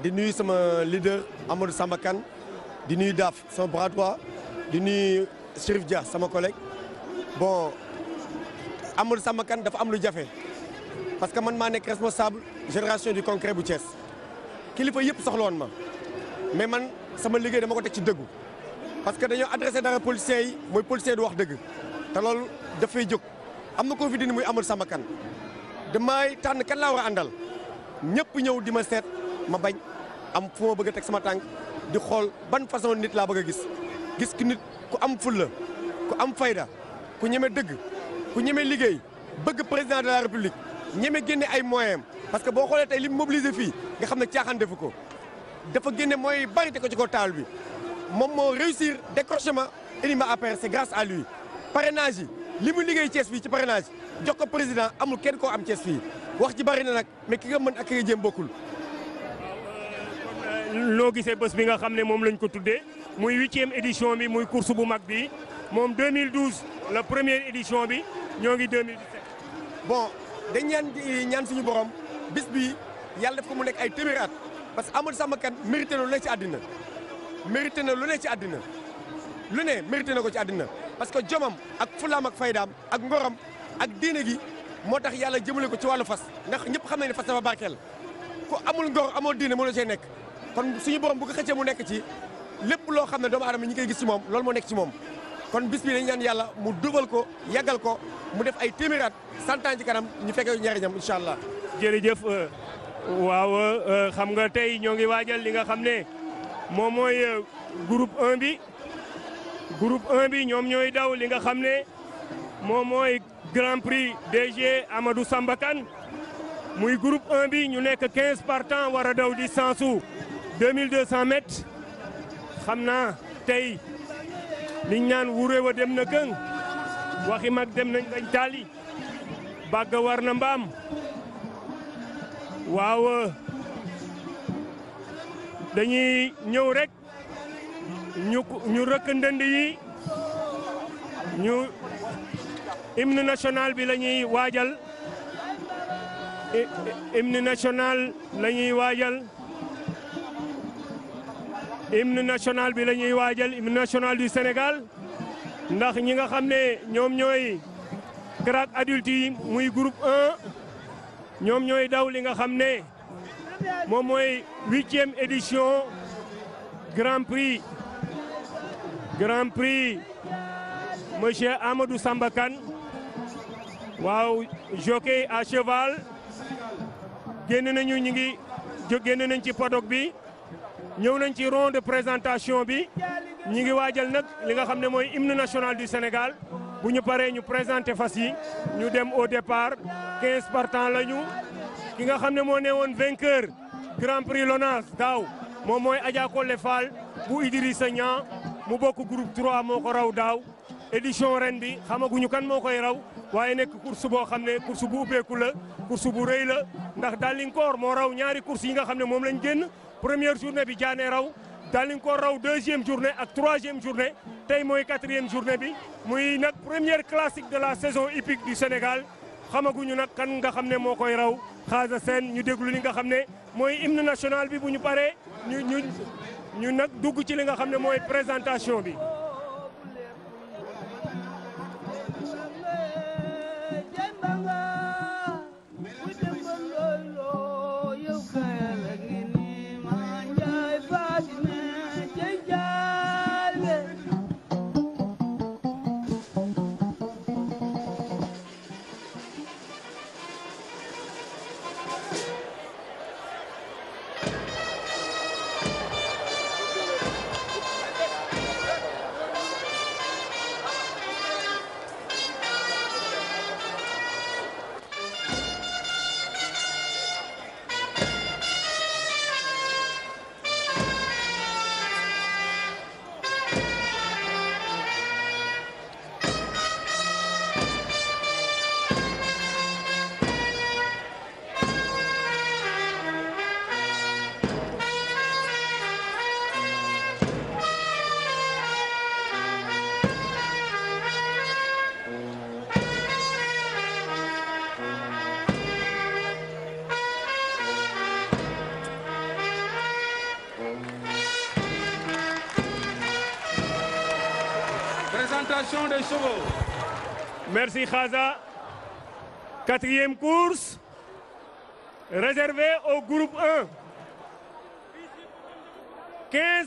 di nuyu sama leader Amadou Samba Kane di nuyu Daaf sama bras di nuyu Chérif Dia sama collègue bon Amadou Samba Kane dafa am lu jafe parce que man maa nekk responsable génération du concret bu cees kilifa yëpp soxla woon ma mais man sama liggéey dama ko teg ci dëggu parce que dañoo adressé dara policiers yi mooy policier du wax dëgg te loolu dafay jóg am na koo fi dindi muy Amadou Samba damay tànn kan laa war a àndal ñëpp ñëw di ma seet ma bañ am fu ma bëgg a teg sama tànk di xool ban façon nit laa bëgg a gis gis ki nit ku am fulla ku am fayda ku ñeme dëgg ku ñeme liggéey bëgg président de la république ñeme génne ay moyens parce que boo xoolee tey li mu mobilisé fii nga xam ne caaxaan defu ko dafa génne mooy bari te ko ci ko taal bi moom moo réussir décrochement unima APR c'est grâce à lui parrainage yi li mu liggéey cees fii ci parrainage jox ko président amul kenn koo am cees fii wax ji bari na nag mais ki mën ak ki nga loo gisee bés bi nga xam ne moom lañ ko tuddee muy huitième édition bi muy course bu mag bi moom 2012 la première édition bi ñoo ngi 2017. bon dañ ñaan ñaan suñu borom bis bi yàlla def ko mu nekk ay téeméeri at parce que Amadou Samba Kane mérité lu ne ci àddina mérité na lu ne ci àddina lu ne mérité ko ci àddina parce que jomam ak fulaam ak faydaam ak ngoram ak diine gi moo tax yàlla jëmale ko ci wàllu fas ndax ñëpp xam nañ ne fas dafa barkeel ku amul ngor amoo diine mënoo cee nekk. kon suñu borom bu ko xëccee mu nekk ci lépp loo xam ne doomu aadama ñi koy gis ci moom loolu moo nekk kon bis bi dañu ñaan yàlla mu dugal ko yàggal ko mu def ay téeméeraat santaan ci kanam ñu fekkee njariñam incha allah. jërëjëf euh, waaw euh, xam nga tey ñoo ngi waajal li nga xam ne moom mooy euh, groupe bi groupe 1 ñoom ñooy daw li nga xam ne moom mooy grand prix DG amadu Samba Kane muy groupe 1 bi ñu nekk 15 partants war a daw di 100 sous 2200 mètres xam naa tey liñ naan wuré wa dem na këng waxi mag dem nañ dañ taali bàgg war na mbaam waaw euh, dañuy ñëw rek ñu ñu rëkk ndënd yi ñu hymne national bi lañuy waajal hymne national lañuy waajal hymne national bi lañuy waajal hymne national du Sénégal ndax ñi nga xam ne ñoom ñooy crack adulte yi muy groupe 1 ñoom ñooy daw li nga xam ne moom mooy huitième édition grand prix grand prix monsieur Amadou Samba Kane waaw jockey à cheval génn nañu ñu ngi génn nañ ci paddock bi ñëw nañ ci rond de présentation bi ñi ngi waajal nag li nga xam ne mooy hymne national du Sénégal bu ñu paree ñu présenté fas yi ñu dem au départ 15 partants la ñu ki nga xam ne moo ne woon vainqueur Grand Prix Lonase daaw moom mooy Adja Kolle Fall bu Idrissa Niang mu bokk groupe 3 moo ko raw daaw édition ren bi xamaguñu kan moo koy raw waaye nekk course boo xam ne course bu ubbeeku la course bu rëy la ndax Dalingkoor moo raw ñaari course yi nga xam ne moom lañ génn première journée bi jaanee raw daal di ko raw deuxième journée ak troisième journée tey mooy quatrième journée bi muy nag première classique de la saison hippique du Sénégal xamaguñu nag kan nga xam ne moo koy raw xaasa seen ñu déglu li nga xam ne mooy hymne national bi bu ñu paree ñu ñu nag dugg ci li nga xam ne mooy présentation bi. Merci Khaza. Quatrième course réservée au groupe 1. 15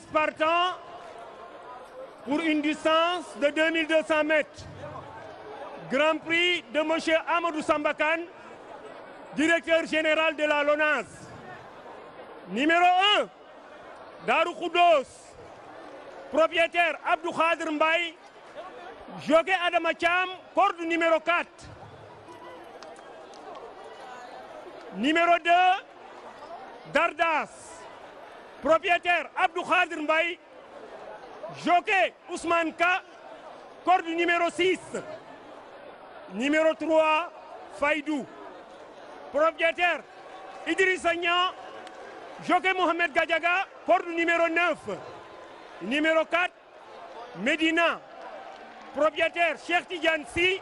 pour une distance de 2200 mètres. Grand Prix de M. Amadou Sambakan, directeur général de la LONAS. Numéro 1, propriétaire Abdou Khadir Jogué Adama Thiam corde numéro 4 numéro 2 Dardas propriétaire Abdou Khadir Mbaye jockey Ousmane Ka corde numéro 6 numéro 3 Faydou propriétaire Idrissa Niang jockey Mohamed Gadiaga corde numéro numéro 4 Medina propriétaire Cheikh Tidiane Sy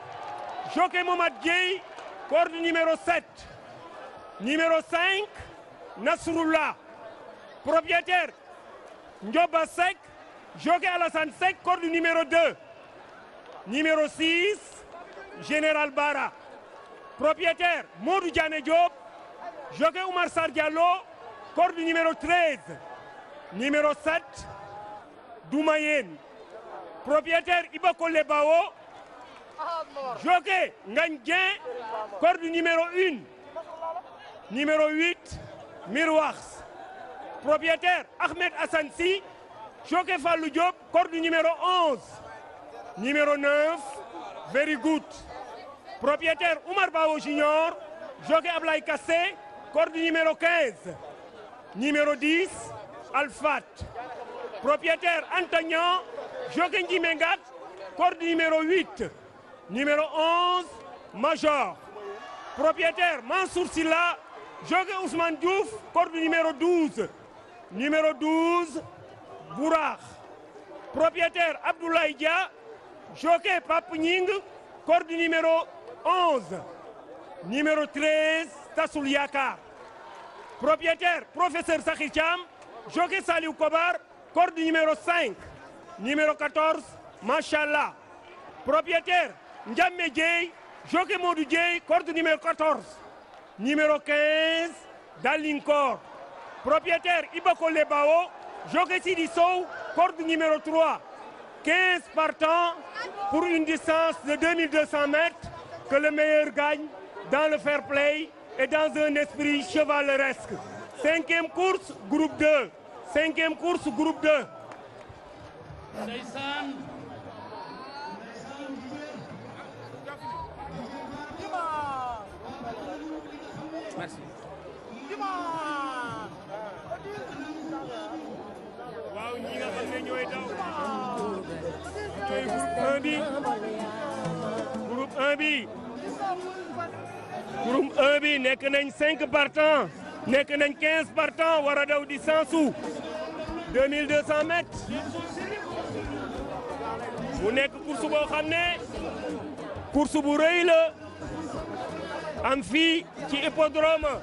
jockey Momad Gueye corde numéro 7 numéro 5 Nasrullah propriétaire Ndioba Seck jockey Alassane Seck corde numéro numéro Général Bara propriétaire Modou Diané Diop jockey Oumar Sar Diallo corde numéro numéro 7 Doumayène propriétaire Ibako Lebao, jockey Nganguien, corde numéro 1, numéro 8, Miroirs. Propriétaire Ahmed Assansi, jockey Fallou Diop, corde numéro 11, numéro 9, Very Good. Propriétaire Oumar Bao Junior, jockey Ablaï Kassé, corde numéro 15, numéro 10, Joguin Dimengat, corde numéro 8, numéro 11, Major. Propriétaire Mansour Silla, Joguin Ousmane Diouf, corde numéro 12, numéro 12, Bourar. Propriétaire Abdoulaye Dia, jockey Pape Ning, corde numéro 11, numéro 13, Tassoul Yakar. Propriétaire, professeur Sakhir Cham, jockey Saliou Kobar, corde numéro numéro 14 machallah propriétaire Ndiamé Dieye jockey Modou Dieye corde numéro 14 numéro 15 Dalincor propriétaire Ibako Lebao jockey Sidi Sow corde numéro 3 15 partants pour une distance de 2200 mètres que le meilleur gagne dans le fair play et dans un esprit chevaleresque. Cinquième course, groupe 2. Cinquième course, groupe 2. ndeysaan merci waaw ñi nga xam ne ñooy daw ñooy groupe 1 bi groupe 1 nekk nañ 5 partants nekk nañ 15 partants war a daw di 100 sous 2200 mu nekk course boo xam ne course bu rëy la am fii ci hippodrome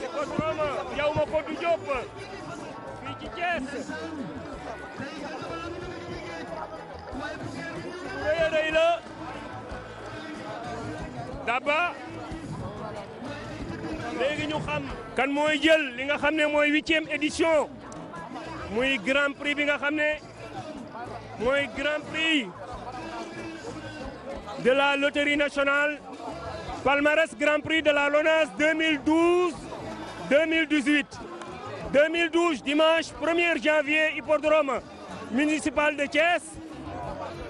hippodrome yow ko du Diop fii ci Thiès bu rëy a la Daba léegi ñu xam kan mooy jël li nga xam ne mooy huitième édition muy grand prix bi nga xam ne mooy grand prix de la loterie nationale palmarès grand prix de la LONASE 2012 2018 2012 dimanche 1er janvier hippodrome municipal de Thiès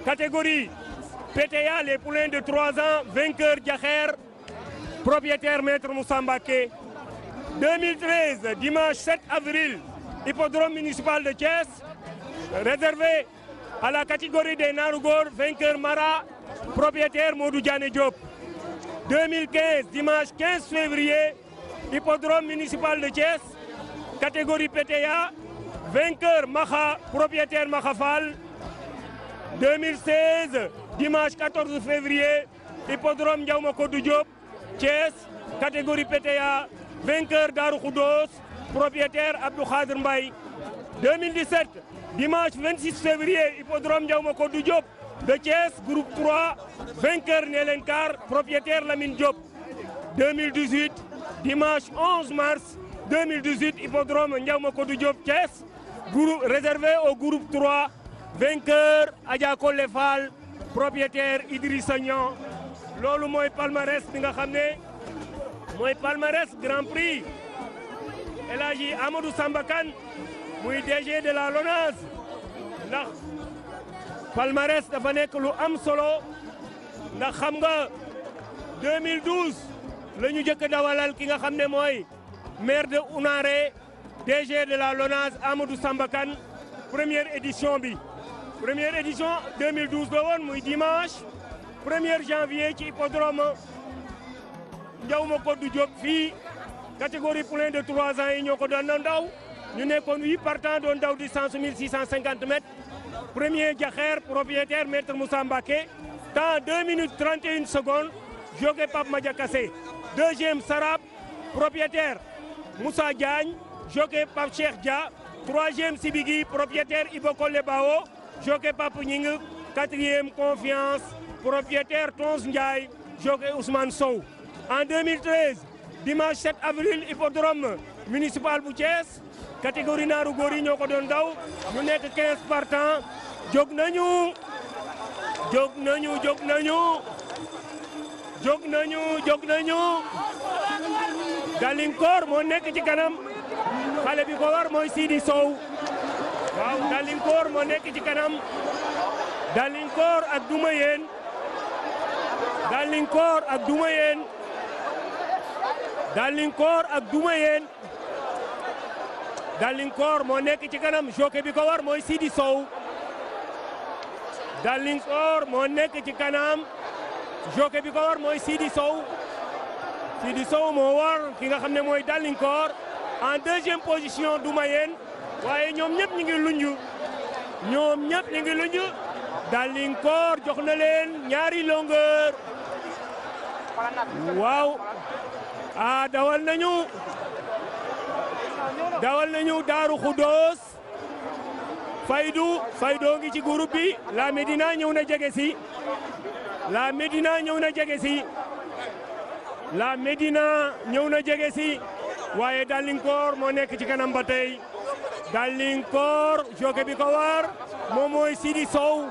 catégorie PTA les poulains de 3 ans vainqueur Diakher propriétaire maître Moussa Mbacké 2013 dimanche 7 avril hippodrome municipal de Thiès réservé à la catégorie des Narougor, vainqueur Mara, propriétaire Modou Diané Diop. 2015, dimanche 15 février, hippodrome municipal de Thiès, catégorie PTA, vainqueur Maha, propriétaire Mahafal. 2016, dimanche 14 février, hippodrome Diaumakodou Diop, Thiès, catégorie PTA, vainqueur Darou Khoudos, propriétaire Abdou Khadr Dimanche 26 février, hippodrome Diaumokodou Diop de Thiès, groupe 3, vainqueur Nélencar, propriétaire Lamine Diop. 2018, dimanche 11 mars 2018, hippodrome Ndiaumokodou Diop Thiès, groupe réservé au groupe 3, vainqueur Adjako Lefal, propriétaire Idrissa Niang. loolu mooy palmarès bi nga xam ne moy palmarès Grand Prix El Hadji Amadou Samba Kane muy DG de la LONASE ndax palmarès dafa nekk lu am solo ndax xam nga 2012 la ñu jëkk dawalal ki nga xam ne mooy maire de Hounaré DG de la LONASE Amadou Samba Kane première édition bi première édition 2012 la woon muy dimanche 1er janvier ci hippodrome Ndiaw ma Koddu Diop fii catégorie poulain de 3 ans yi ñoo ko doon na ndaw ñu nekkoon huit partants doon daw distance 1650 mètres premier Jaxeer propriétaire maître Moussa Mbacké temps 2 minutes 31 secondes jóge Pape Madia Kassé deuxième Sarab propriétaire Moussa Diagne jóge Pape Cheikh Dia troisième Sibigui propriétaire Ibokole Bao jóge Pape Nying quatrième Confiance propriétaire Tons Ndiaye jóge Ousmane Sow en 2013 dimanche 7 avril hippodrome municipal bu cees catégorie naaru góor yi ñoo ko doon daw ñu nekk 15 partants jóg nañu jóg nañu jóg nañu jóg nañu jóg nañu Dalinkoor moo nekk ci kanam xale bi ko war mooy Sidi waaw Dalinkoor moo nekk ci kanam Dalinkoor ak duma Dalinkoor ak duma Dalinkoor ak duma Dallinkoor moo nekk ci kanam jockey bi ko war mooy Sidi Sow Dallinkoor moo nekk ci kanam jockey bi ko mooy Sidi Sow Sidi Sow moo war ki nga xam ne mooy Dallinkoor en deuxième position Doumayeen waaye ñoom ñëpp ñu ngi lunju ñoom ñëpp ñu ngi lunju Dallinkoor jox na leen ñaari longueur waaw a ah, dawal nañu dawal nañu Daaru Xuddoos Faydu Faydu ngi ci groupe bi la Médina ñëw na jege si la Médina ñëw na jege si la Médina ñëw na jege si waaye Dalingkoor moo nekk ci kanam ba tey Dalingkoor joke bi ko war moom mooy Sidi Sow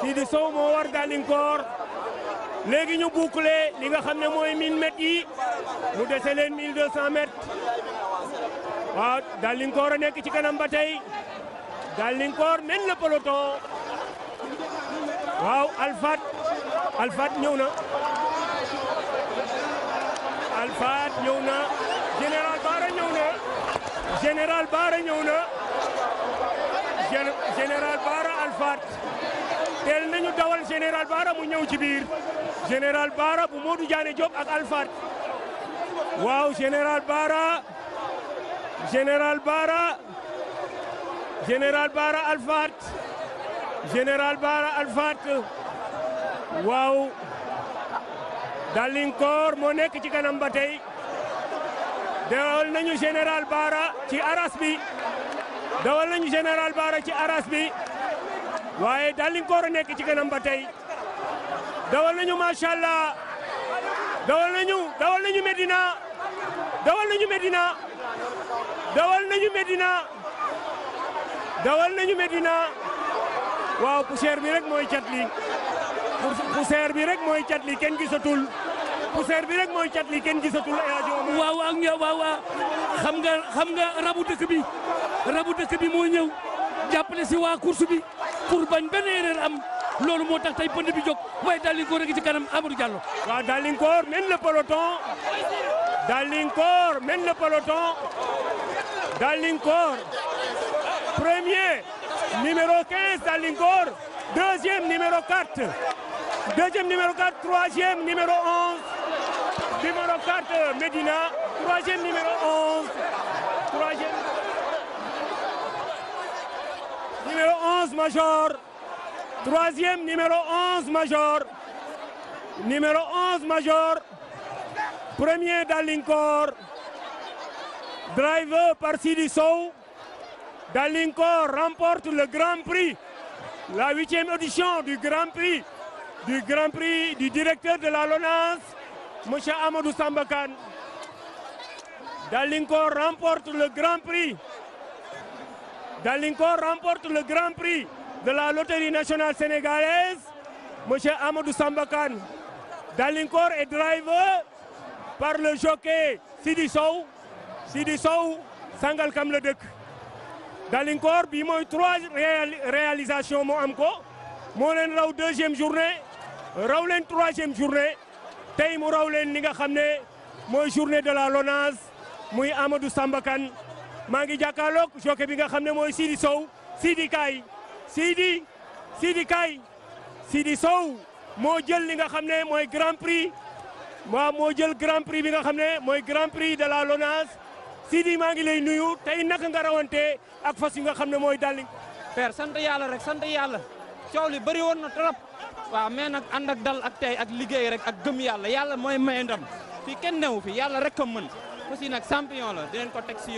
Sidi Sow moo war Dalingkoor léegi ñu boucler li nga xam ne mooy 1000 mètres yi mu dese leen 1200 mètres waaw a nekk ci kanam ba tey Dalingkoor mène le peloton waaw Alfat Alfat ñëw na Alfat ñëw na général Baara ñëw na général Baara ñëw na général Baara Alfat. teel nañu dawal général Baara mu ñëw ci biir général Baara bu Modou Diané Diop ak Alfat waaw général Baara général Baara général Baara Baara Alfat waaw Dalinkoor moo nekk ci kanam ba tey dawal nañu général Baara ci aras bi dawal nañu général Baara ci aras bi. waaye Dalifort nekk ci kanam ba tey dawal nañu macha allah dawal nañu dawal nañu Medina dawal nañu Medina dawal nañu Medina dawal nañu Medina waaw poussière bi rek mooy cat li poussière bi rek mooy cat li kenn gisatul poussière bi rek mooy cat li kenn gisatul ay rajo. waaw waaw waaw waaw xam nga xam nga rabu dëkk bi rabu dëkk bi moo ñëw. jàppale si waa course bi pour bañ benn am loolu moo tax tey pënd bi jóg waaye Dalingkoor a ngi ci kanam Amadou Diallo. waaw Dalingkoor mène le peloton Dalingkoor mène le peloton Dalingkoor premier numéro 15 Dalingkoor deuxième numéro 4 deuxième numéro 4 troisième numéro 11 numéro 4 Medina troisième numéro 11 numéro 11 major troisième numéro 11 major numéro 11 major premier Dalincor driver par Sidi Sow Dalincor remporte le Grand Prix la huitième édition du Grand Prix du Grand Prix du directeur de la LONASE monsieur Amadou Samba Kane Dalincor remporte le Grand Prix Dalincor remporte le grand prix de la loterie nationale sénégalaise. Monsieur Amadou Sambakan. Dalincor est driver par le jockey Sidi Sow. Sidi Sow Sangalkam la dëkk. Dalincor bi mooy trois réalisation moo am ko moo leen raw deuxième journée raw leen troisième journée tey mu raw leen li nga xam ne mooy journée de la LONASE muy Amadou Sambakan maa ngi jàkkaarloog jockey bi nga xam ne mooy Sidi Sow Sidi Kaay Sidi Sidi Kaay Sidi Sow moo jël li nga xam ne mooy grand prix waaw moo jël grand prix bi nga xam ne mooy grand prix de la LONASE Sidi maa ngi lay nuyu tey naka nga rawante ak fas yi nga xam ne mooy dalli père sant yàlla rek sant yàlla coow li bëri woon na trop waaw mais nag ànd ak dal ak tey ak liggéey rek ak gëm yàlla yàlla mooy may ndam fii kenn newu fi yàlla rek a mën fas yi nag champion la dinañ ko teg si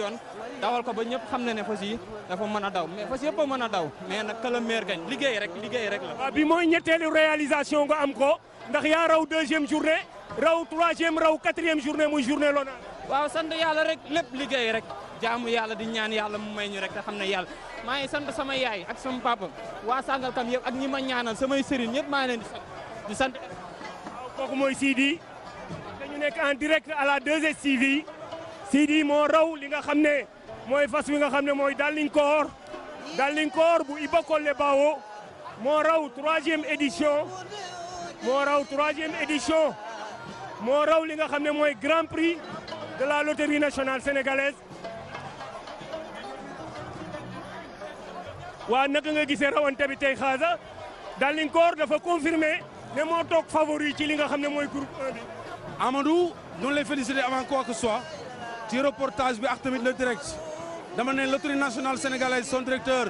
dawal ko ba ñëpp xam na ne fas yi dafa mën a daw mais fas yëpp a mën a daw mais nag que le maire gagne liggéey rek liggéey rek la. waaw ah, bi mooy ñetteelu réalisation nga am ko ndax yaa raw deuxième journée raw troisième raw quatrième journée muy journée lona waaw sant yàlla rek lépp liggéey rek jaamu yàlla di ñaan yàlla mu may ñu rek te xam ne yàlla maa ngi sant sama yaay ak sama papa waa Sangalkam yëpp ak ñi ma ñaanal samay sëriñ yëpp maa ngi leen di sant di sant. waaw kooku Sidi moo raw li nga xam ne mooy fas wi nga xam ne mooy dal Dallinkoor bu Iba Kolle Bawo moo raw troisième édition moo raw troisième édition moo raw li nga xam ne mooy grand prix de la loterie nationale sénégalaise. waa naka nga gisee rawante bi tey xaasa Dallinkoor dafa confirmé ne moo toog favori ci li nga xam ne mooy groupe 1 bi. Amadou nous les féliciter avant quoi que ce soit. ci reportage bi ak tamit le direct dama ne loterie national sénégalaise son directeur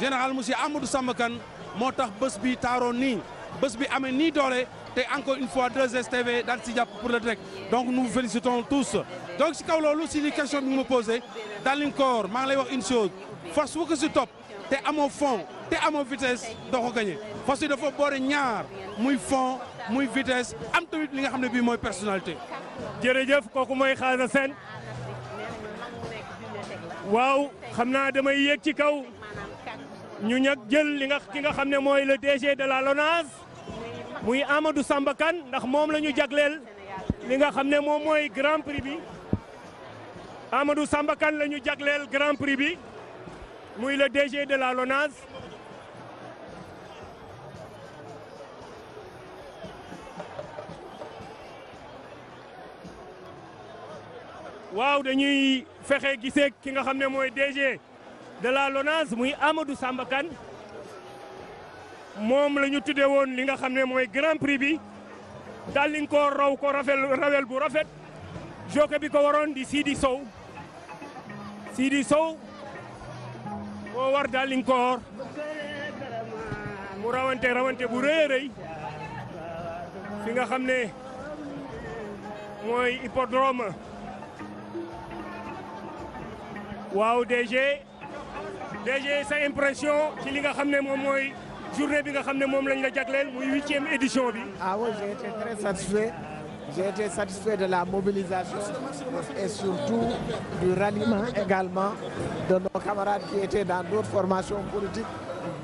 général monsieur Amadou Samba Kane moo tax bés bi taaroo nii bës bi amee nii doole te encore une fois 2STV daal si jàpp pour le direct donc nous félicitons tous. donc si kaw loolu si li question bi nga ma posé Dalingkoor maa ngi lay wax une chose fas wu ko si topp te amoo fon te amoo vitesse doo ko gagné fas yi dafa boole ñaar muy fond muy vitesse am tamit li nga xam ne bii mooy personnalité. jërëjëf kooku mooy waaw xam naa damay yéeg ci kaw ñu ñag jël li nga ki nga xam ne mooy le DG de la LONASE muy Amadou Samba Kane ndax moom la ñu jagleel li nga xam ne moom mooy grand prix bi amadu Samba Kane la ñu jagleel grand prix bi muy la DG de la LONASE waaw dañuy fexe gisee ki nga xam ne mooy DG de la LONASE muy Amadou Samba Kane moom la ñu tuddee woon li nga xam ne mooy grand prix bi daal ko raw ko rafet rawel bu rafet joke bi ko waroon di Sidi Sow siidi Sow moo war daal mu rawante rawante bu rëy rëy fi nga xam ne mooy hippodrome waaw DG DG sa impression ci li nga xam ne moom mooy journée bi nga xam ne moom lañ la jagleel muy huitième édition bi. ah oui j'ai été satisfait de la mobilisation et surtout du ralliement également de nos camarades qui étaient dans d'autres formations politiques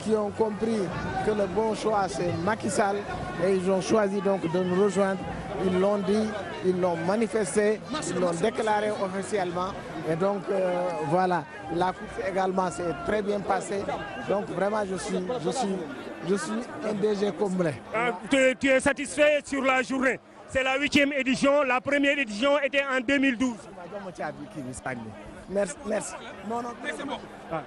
qui ont compris que le bon choix c'est Macky et ils ont choisi donc de nous rejoindre ils l'ont dit ils l'ont manifesté ils l'ont déclaré officiellement Et donc euh, voilà, la course également s'est très bien passée. Donc vraiment, je suis, je suis, je suis un DG complet. Ah, euh, tu, tu es satisfait sur la journée c'est la huitième édition. La première édition était en 2012. Merci, merci. Non, non, non.